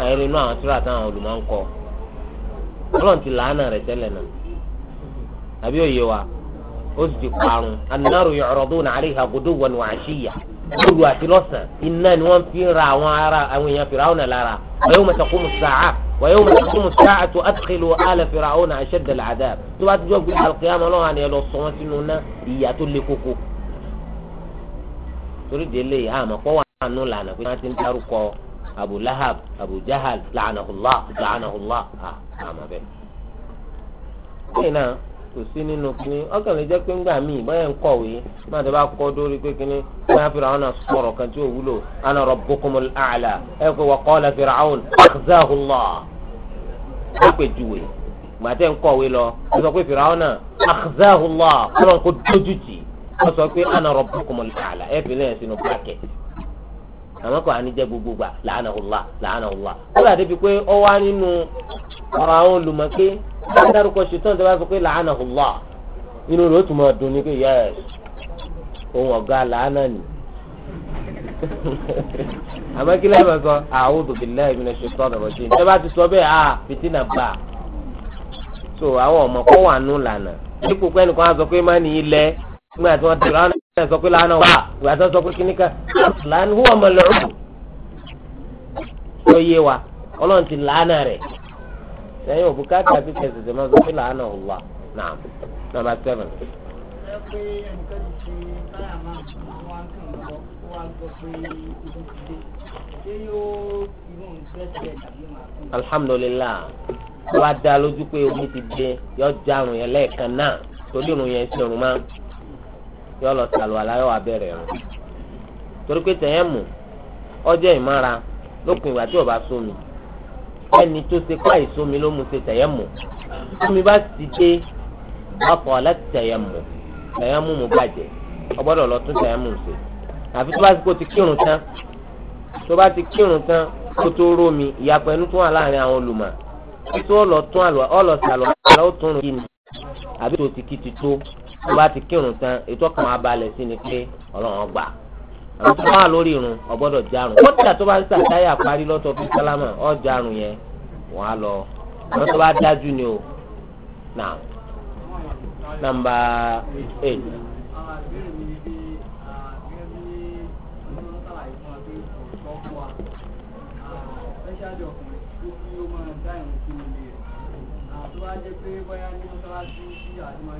ayé nínú àwọn tíra táwọn olùmọ̀ ń kọ́ ọlọ́run ti làánà rẹ̀ tẹ́lẹ̀ náà àbí òye wa ó sì ti parun annaru yu'raduna 'alayha ghuduwwan wa 'ashiyya lóru àti lọ́sàn iná ni wọ́n fi ń ra àwọn ará àwọn èèyàn Fir'auna lára wa yawma taqumu as-sa'a wa yawma taqumu as-sa'atu adkhilu ala Fir'auna ashadda al-'adhab tó bá ti jọ gbé al ọlọ́run àni ẹ lọ sínú ná ìyà tó le koko torí délé àmọ́ pọ́wọ́ àánú lànà pé wọ́n ti ń dárúkọ abu lahab abu jahal la'anahullah la'anahullah ah àmọ́ ah, bẹ́ẹ̀. bẹ́ẹ̀ náà kò sí nínú kínní ọkàn lè jẹ́ pé ńgbà míì báyà ń kọ̀wé máa tẹ́ bá kọ́ dórí pé kínní báyà Fir'aun náà sọ̀rọ̀ kan tí ò wúlò ana rabbukumul a'la ẹ pé wa qala Fir'aun akhzahullah ó pè juwe gbà tẹ́ ń kọ̀wé lọ ó sọ pé Fir'aun náà akhzahullah kọ́lọ́n kó dójú tì ó sọ pé ana rabbukumul a'la ẹ fi lẹ́yìn sínú bákẹ́tì àmọ́ kò àníjẹ́ gbogbo gbà làánà ọ̀la làánà ọ̀la. kódà débi pé ọ wá nínú ọ̀rọ̀ àwọn olùmọ̀ pé bá dárúkọ ṣetán tó bá sọ pé làánà ọ̀la inú rẹ̀ ó tún máa dùn ní pé yẹ́s ohun ọ̀gá làánà nì. àmọ́ kí lẹ́yìn bàtọ́ a'udhu billahi minash shaitanir rajim ẹ bá ti sọ bẹ́ẹ̀ a ah, fìtínà bá a. so àwọn ọmọ kọ́ wà nù lànà ẹ sọ pé lánàá wà ìgbà tó sọ pé kíní kan lánàá huwa mal'un ló yé wa ọlọ́run ti lánàá rẹ̀ sẹ́yìn òbúkátà bí kẹsìtì máa sọ pé lánàá wà náà nàmbà sẹ́fẹ̀n. alhamdulilah wàá dá lójú pé omi ti dé yọjá àrùn yẹn lẹ́ẹ̀kan náà torí òrùn yẹn ṣe òrùn máa yọ lọ sàlùwàlá yọ abẹ́rẹ́ rẹ̀ torí pé tẹ̀yẹ́mù ọjọ́ ìmọ̀ra lópin ìgbà tí o bá sómi ẹni tó ṣe ká ìsómi ló mu ṣe tẹ̀yẹ́mù tómi bá ti dé ọkọ̀ láti tẹ̀yẹ́mù tẹ̀yẹ́mù mu bàjẹ́ o gbọ́dọ̀ lọ tún tẹ̀yẹ́mù ṣe àfi tó bá ti kó ti kírun tán tó bá ti kírun tán kó tó rómi ìyàpọ̀ ẹnu tó wà láàrin àwọn olùmọ̀ tó lọ tún àlọ́ ọlọ́sàlọ́ àlọ́ rìn kí ni àbí tó ti kí ti tó tó bá ti kírun tán ètò ọkàn wa balẹ̀ sí ni pé ọlọ́run gbà àwọn tó wà lórí irun ọgbọ́dọ̀ jarun kódà tó bá ń sàtáyà parí lọ́tọ̀ fún sálámà ọ̀ jarun yẹn wọ́n á lọ àwọn tó bá dájú ni o nà nàmbà eight. Ah, tó bá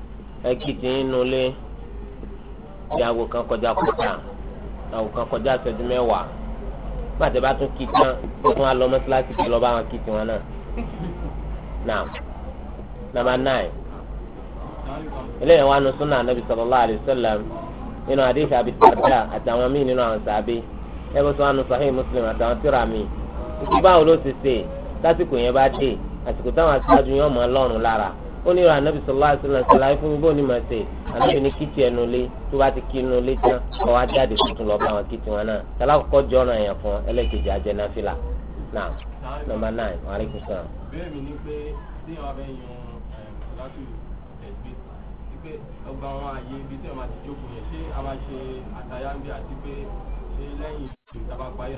ẹkìtì nínú ilé bí aago kan kọjá kọjá aago kan kọjá ìṣẹ́jú mẹ́wàá pàtẹ bá tún kí tán tó tún á lọ mọ́sálásí kí lọ bá wọn kí tiwọn náà naam nàmbà náì eléyìí wà nù súnà nàbì sallallahu alaihi wasallam nínú àdéhìí àbí àtàwọn míì nínú àwọn sàbẹ ẹbí tó wà nù sahih muslim àtàwọn tíra míì ìdí báwo ló ti ṣe lásìkò yẹn bá dé àsìkò táwọn aṣáájú yẹn mọ Ọlọ́run lára ó ní ìrọ̀ ànábì sọ̀lá àṣìlá ṣàlàyé fún mi bó ní màá ṣe ànábì ní kìtì ẹnu lé tó bá ti kí inú lé tán ọ̀ wá jáde tuntun lọ bá wọn kìtì wọn náà tẹ́lá kọ́kọ́ jọ ọ̀ràn èèyàn fún ẹlẹ́kejì ajẹ́ náà fìlà náà nọ́mbà náà wà á rí kùsà. bẹ́ẹ̀ mi ni pé tí wọ́n fẹ́ yan láti ẹ̀gbẹ́ sí pé ọgbà àwọn ààyè ibi tí wọ́n máa ti jókòó yẹn ṣé a máa ṣe àtàyàmbé àti pé ṣé lẹ́yìn ìgbà tá a bá parí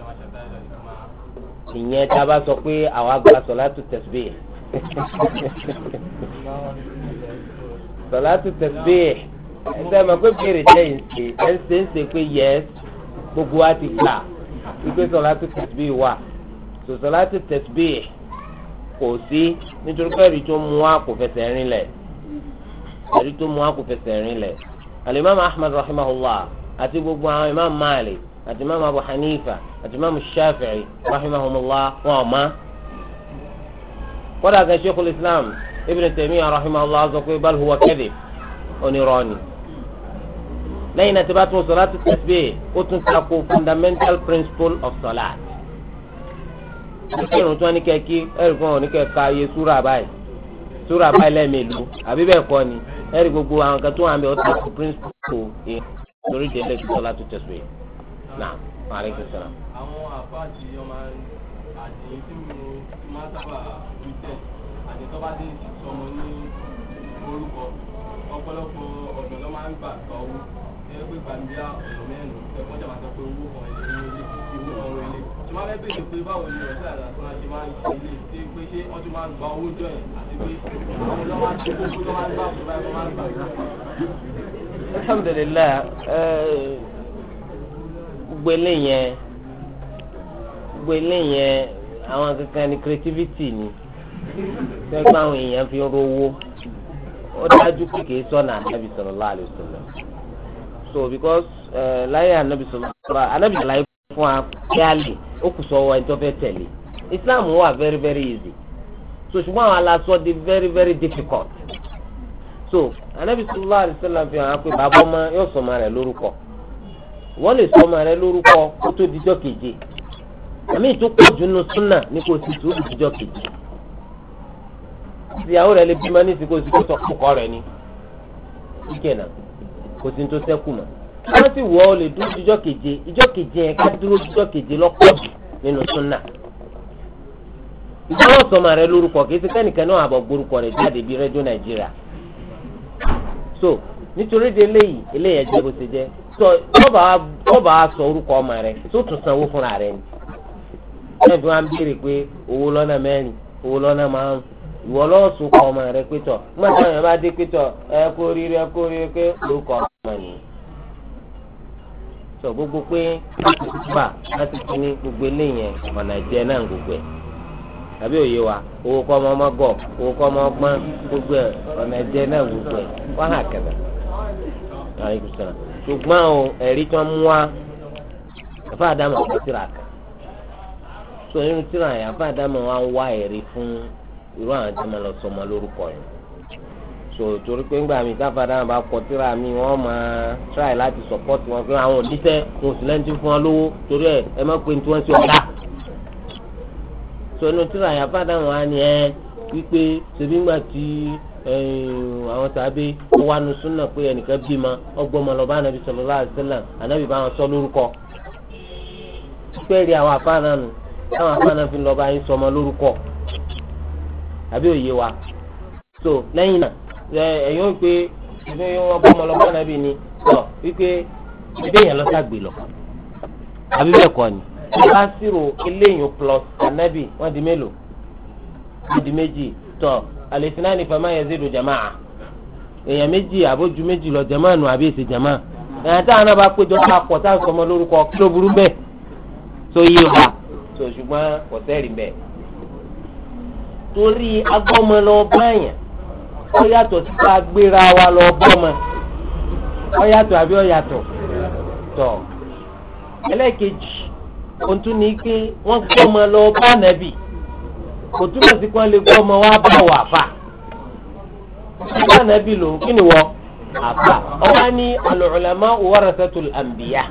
ìyẹn tá a bá sọ pé àwa gba sọ láti tẹ̀síbẹ̀ẹ́ sọláàtù tẹ̀síbíì ẹ̀sẹ̀ ẹ̀ mọ̀ pé béèrè jẹ́ ìṣe ẹ̀sẹ̀ ń ṣe pé yẹ́s gbogbo wa ti gbà wípé sọláàtù tẹ̀síbíì wà sọláàtù tẹ̀síbíì kò sí nítorí pé ẹ̀rí tó mú wa kò fẹsẹ̀ rin lẹ̀ ẹ̀rí tó mú wa kò fẹsẹ̀ rin lẹ̀ alimami ahmed rahimahullah àti gbogbo àwọn imam malik àti imam abu hanifa àti imam shafi'i rahimahumullah wọn ọ̀ máa kódà kan sheikhul islam ibn taymiyyah rahimahullah azọ pé bal huwa kadhib onírọ́ọ̀nì lẹ́yìn náà tí bá tún sọ̀lá ti tẹ̀síbẹ̀ ó tún takò fundamental principle of sọ̀lá ìkírun tí wọ́n ní kẹ́kí ẹ̀rì fún wọn ní kẹ́ka iye súrà báyìí súrà báyìí lẹ́ẹ̀mẹ́lú àbí bẹ́ẹ̀ kọ́ ni ẹ̀rì gbogbo àwọn kan tó wà ń bẹ̀ ó principle yẹn lórí ìdílé tí sọ̀lá ti tẹ̀síbẹ̀ náà wàhálà ìkẹsàn. àwọn àpá àti ọmọ àti ìdí máa sábà tẹ̀ àti tó bá dé ti sọmọ ní orúkọ ọ̀pọ̀lọpọ̀ ọ̀dọ̀ ló máa ń gbà gba owó ẹgbẹ́ pé gbàǹdíà ọ̀nà mẹ́rin ẹ̀kọ́ jàmbá sọ pé owó kan ẹ̀yìn ilé ìwé ọ̀rọ̀ ilé tí wọ́n fẹ́ bèèrè pé báwo ni ọ̀sẹ̀ àdàtúnra ṣe máa ń ṣe ilé tí pé ṣé wọ́n tún máa ń gba owó jọ ẹ̀ àti pé àwọn lọ́wọ́ àti gbogbo lọ́wọ́ àti gbà fún báyìí máa ń gbà alhamdulilayi gbogbo eléyẹn gbogbo eléyẹn àwọn kankan ni creativity ni sẹ́gbẹ́ àwọn èèyàn fi rówó ó dájú pé kìí na anabi sallallahu alaihi so because eh, láyé ànábì sallallahu ànábì láyé fún wa kíálì ó kù Islam wà very very easy so ṣùgbọ́n àwọn aláṣọ di very very difficult so anabi sallallahu alaihi wasallam fi hàn pé bàbá ọmọ yóò sọmọ rẹ̀ lórúkọ wọ́n lè sọmọ keje àmì jùnú súnà kò sì tó dijọ keje. ìyàwó rẹ lè bímọ ní ìsìnkú ìsìnkú sọ kókó rẹ ni na kò sí tó sẹ́kù mọ́ wọ́n sì lè dúró jíjọ́ keje ìjọ́ keje yẹn ká dúró jíjọ́ keje lọ́pọ̀ nínú súnà ìgbọ́n sọmọ rẹ lórúkọ kì í ṣe kẹ́nìkan náà àbọ̀ rẹ jáde bíi so nítorí de eléyìí eléyìí ẹjẹ bó ṣe sọ tọ́ba wa sọ orúkọ ọmọ rẹ tó tún ìwọ lọ́wọ́ kọ́ ọmọ rẹ pétọ̀ nígbà àwọn yẹn bá dé pétọ̀ ẹ kó kó pé ló kọ́ ọmọ yìí. sọ gbogbo pé láti gbà láti fi ní gbogbo eléyẹn ọ̀nà ìjẹ náà gbogbo ẹ̀ tàbí òye wa owó kọ́ ọmọ ọmọ gọ̀ owó kọ́ ọmọ ọgbọ́n gbogbo ẹ̀ o ẹ̀rí tí wọ́n irú àwọn tí wọ́n lọ sọmọ lórúkọ yẹn so torí pé ńgbà mi káfádà náà bá kọ tíra mi wọ́n máa try láti support wọn fún àwọn oníṣẹ́ wọn sì lẹ́ńtì fún wọn lówó torí ẹ ẹ má pe ní tí wọ́n ṣe ọ̀dà so inú tíra yẹn fádà wọn á ní ẹ wípé ṣebí ńgbà tí àwọn tàbí wọn wá nu súnà pé ẹnìkan bí ma ọgbọ́n ma lọ bá anabi sallallahu alaihi wasallam bá wọn sọ lórúkọ pẹ́ẹ́rì àwọn afáànà nù táwọn afáànà fi lọ bá yín sọmọ lórúkọ àbí òye wa so lẹ́yìn náà ẹ̀yin ó pé ìfún yín wọ́n gbọ́mọ lọ́kọ́ nàbí ni sọ wípé ìbẹ́ yẹn lọ́sà gbé lọ àbí bẹ́ẹ̀ kọ́ ni wọ́n bá sírò eléyìn plus ànábì wọ́n di mélòó wọ́n di méjì tọ́ àlèsínà ní fama yẹn zédo jama, èèyàn méjì àbójú méjì lọ jamaa nù àbí èsì jamaa èèyàn táwọn náà bá péjọ ká pọ̀ táwọn sọmọ lórúkọ kí ló burú bẹ́ẹ̀ tó yé wa tó ṣùgbọ́n kò sẹ́rìí bẹ́ẹ̀ torí agbọ́mọ lọ báyàn ó yàtọ̀ sí ká gbéra wa lọ bọ́mọ ó yàtọ̀ àbí ó yàtọ̀ tọ̀ ẹlẹ́ẹ̀kejì ohun tún ni pé wọ́n gbọ́mọ lọ bá nàbì kò túbọ̀ sí kí wọ́n lè gbọ́mọ wá bá wà fà bá nàbì lòun kí ni wọ́n àfà ọba ní al-ulama warasatul anbiya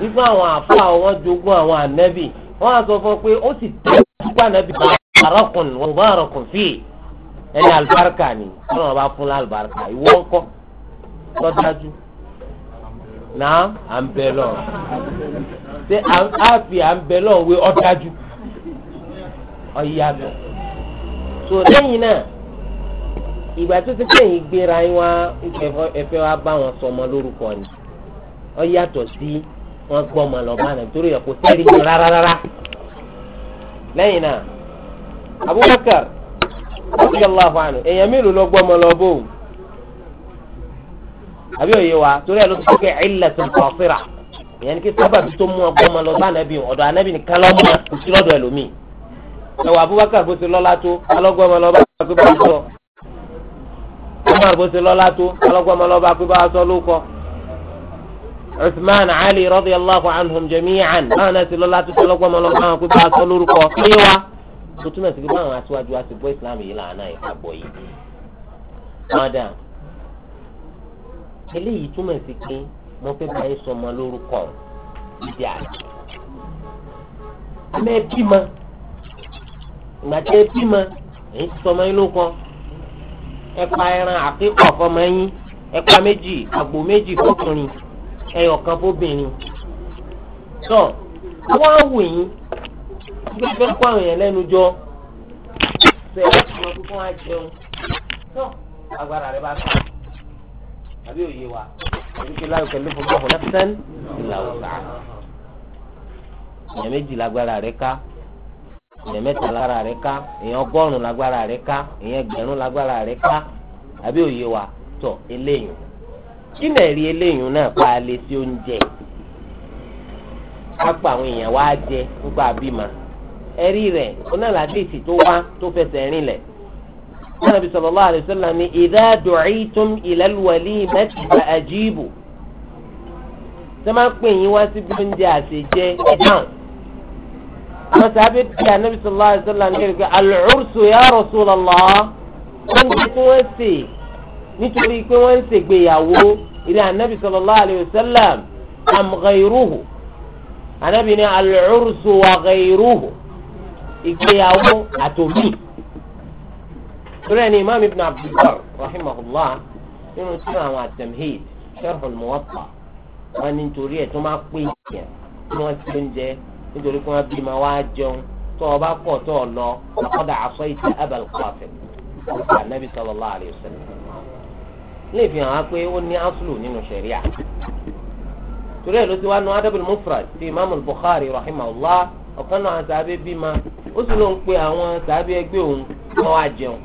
nígbà àwọn àfà wọn jogún àwọn ànábì wọn á sọ fún ọ pé ó sì tẹ́ ọ́ sí pàànàbì bá barakun wa mubarakun fi ẹni alibarika ni ọlọ́run bá fún alibarika ìwọ ńkọ tọ́jú náà à ń bẹ lọ ṣé a fi à ń bẹ lọ wé ọ́dájú ọ̀yàtọ̀ so lẹ́yìn náà ìgbà tó ti kẹ́yìn gbéra yín wá ẹ̀fẹ́ wa bá wọn sọmọ lórúkọ ni ọ̀yàtọ̀ sí wọn gbọ́ ọmọ lọ́ba náà kò sẹ́rí rárá rárá lẹ́yìn náà. Abubakar radiyallahu anhu èèyàn mélòó lọ gbọ́mọ lọ bó o àbí òye wa torí ẹ ló sọ pé kí anabi anabi Abubakar bó ti lọ́lá tó alọ́gbọ́mọ lọ bá pé bá sọ Umar bó ti lọ́lá tó alọ́gbọ́mọ lọ bá Ali radiyallahu anhum jami'an báwọn náà ti lọ́lá tó alọ́gbọ́mọ lọ bá pé bá sọ lórúkọ tó túmọ̀ sí pé báwọn aṣáájú wa ti gbọ́ ìsìláàmù yìí làánà ìgbàgbọ́ yìí. mọ́dà eléyìí túmọ̀ sí pé mo fẹ́ bá yín sọmọ lórúkọ ìdí àná. àmọ́ ẹ bímọ ìgbà tí ẹ bímọ èyí ti sọmọ yín lórúkọ ẹ pa ẹran àkíkọ̀ fọmọ yín ẹ pa méjì àgbò méjì fọkùnrin ẹyọ kan fóbìnrin. tó wọ́n á wù yín nígbà tó ń kó àwọn èèyàn lẹ́nu jọ ṣe wọ́n ti wọn kúkú wọn jẹun tó agbára rẹ bá kà àbí òye wa èdèké láyò pẹ̀lú fún bọ́ọ̀fù lẹ́pẹ́sẹ́n ìlà òsà èèyàn méjì lágbára rẹ ká èèyàn mẹ́ta lágbára rẹ ká èèyàn ọgọ́rùn-ún lágbára rẹ ká èèyàn ẹgbẹ̀rún lágbára rẹ ká àbí òye wa tó eléyìí kí lè rí eléyìí náà pa alẹ́ sí oúnjẹ ká pa àwọn èèyàn wá jẹ nípa àbí ẹ̀rí rẹ̀ onáladéèsì tó wá tó fẹsẹ̀ rìn lẹ̀ Ànábì sallallahu alayhi wa sallam ní idha du'itum ila al-walimati fa ajibu sẹ́mà pè yín wá síbi oúnjẹ àṣejẹ ẹ̀dáhùn àwọn sábẹ́ bí Ànábì sallallahu alayhi wa sallam ní kẹ́kẹ́ al-ursu ya Rasulallah oúnjẹ tí wọ́n sè nítorí pé wọ́n ń ṣègbéyàwó ilé Ànábì sallallahu alayhi wa sallam am ghayruhu Ànábì ní al ìgbéyàwó àtòmí torí ẹni imaam ibn abdulbar rahimahullah nínú tí àwọn àtẹmhid sharh al-muwatta wọn ní nítorí ẹ tó máa pé yẹn tí wọn ti oúnjẹ nítorí kí wọn bí ma wá jẹun tó o bá kọ̀ tó o lọ laqad asayta abal qasim anabi sallallahu alayhi wa sallam lè fi hàn wá pé ó ní aslu nínú sẹríà torí ló ti wá nu adabul mufrad ti imaamu bukhari rahimahullah ọ̀kan náà àti abẹ́ ó sì lóun pe àwọn sàbí ẹgbẹ́ òun wọ́n wá jẹun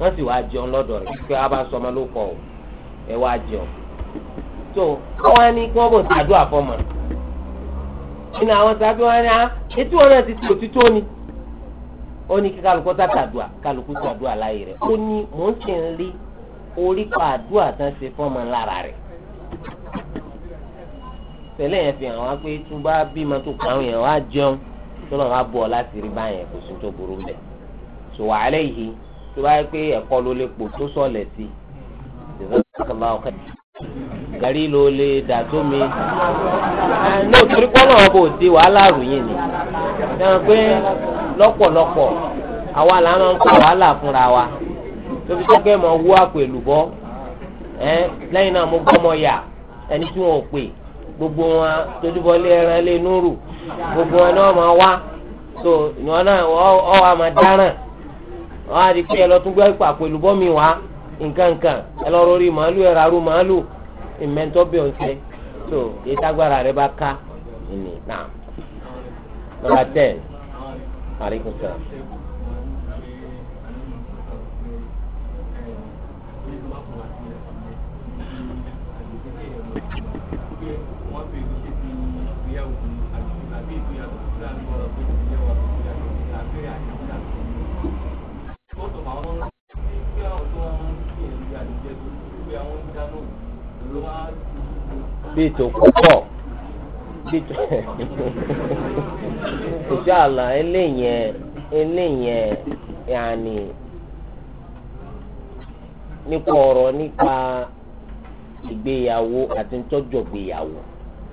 wọ́n sì wá jẹun lọ́dọ̀ rẹ̀ pé a bá sọ ọmọ ló kọ o ẹ wá jẹun tó wọ́n wá ní kí wọ́n bò sàdúrà fọmọ nínú àwọn sàbí wọn ní a ah, etí wọn náà ti ti òtítọ́ ni ó ní kí kálukú sàtàdúà kálukú sàdúà láyé rẹ̀ ó ní mò ń sì ń rí orí pàdúà tán ṣe fọmọ lára rẹ̀ tẹ́lẹ̀ yẹn fi hàn wá pé tó bá bímọ tó kàwé yẹn wá jẹun tọ́lọ̀ ká bọ̀ láti rí báyẹn kò sí tó burú bẹ̀. sòwò alẹ́ yìí tó bá yẹ pé ẹ̀kọ́ ló lè pò tó sọ̀lẹ̀ sí gàrí ló lè dà tó mi ní òtúrí pọ́nà ọ̀bọ̀ òde wàhálà ròyìn ni ẹ̀hàn pé lọ́pọ̀lọpọ̀ àwa là ń kó wàhálà fúnra wa tóbi tó kẹ́ mọ̀ wú àpèlú bọ́ lẹ́yìn náà mo gbọ́ mọ̀ yà ẹni tí wọ́n pè é. gbogbo wọn tójúbọlé ẹran lé núrù gbogbo wọn ni wọn máa wá so ìwọ náà ọ wà máa dáràn wọn á di pé ẹ lọ tún gbé pàpọ̀ èlùbọ́ mi wá nkankan ẹ lọ rọrí màálù ẹ so rẹ bá bíi tòkú pọ̀ bíi [laughs] tó ìṣàlà eléyẹn eléyẹn yàní nípa ọ̀rọ̀ nípa ìgbéyàwó àti ntọ́jọ́ gbéyàwó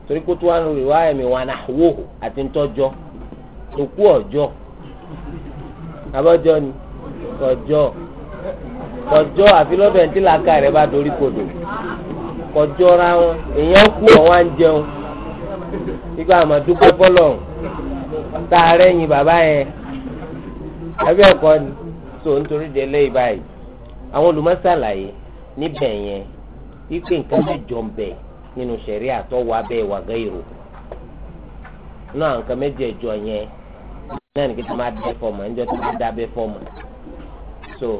torí kó tó wà lórí wá ẹ̀mí wa náà wò àti ntọ́jọ́ òkú ọ̀jọ́ abọ́jọ́ ni ọjọ́ ọjọ́ àfi lọ́bẹ̀ ntí làákà rẹ̀ bá dorí kodò kọjọra wọn èèyàn kú ọ̀wá ń jẹun nígbà àmọ̀dúpẹ́ bọ́lọ̀ tá a rẹ́yìn bàbá yẹn ẹbí ẹ̀kọ́ ni so nítorí délé ìbáyìí àwọn olùmọ̀sálàyé níbẹ̀ yẹn wípé nǹkan ti jọ ń bẹ̀ nínú sẹ̀rí àtọ́wọ́ abẹ́ ìwà gẹ́rù náà nǹkan méjì ẹ̀jọ yẹn náà nìkan tó máa dẹ́ fọ́ọ̀mù ẹ̀ńjọ́ tó máa dábẹ́ fọ́ọ̀mù so.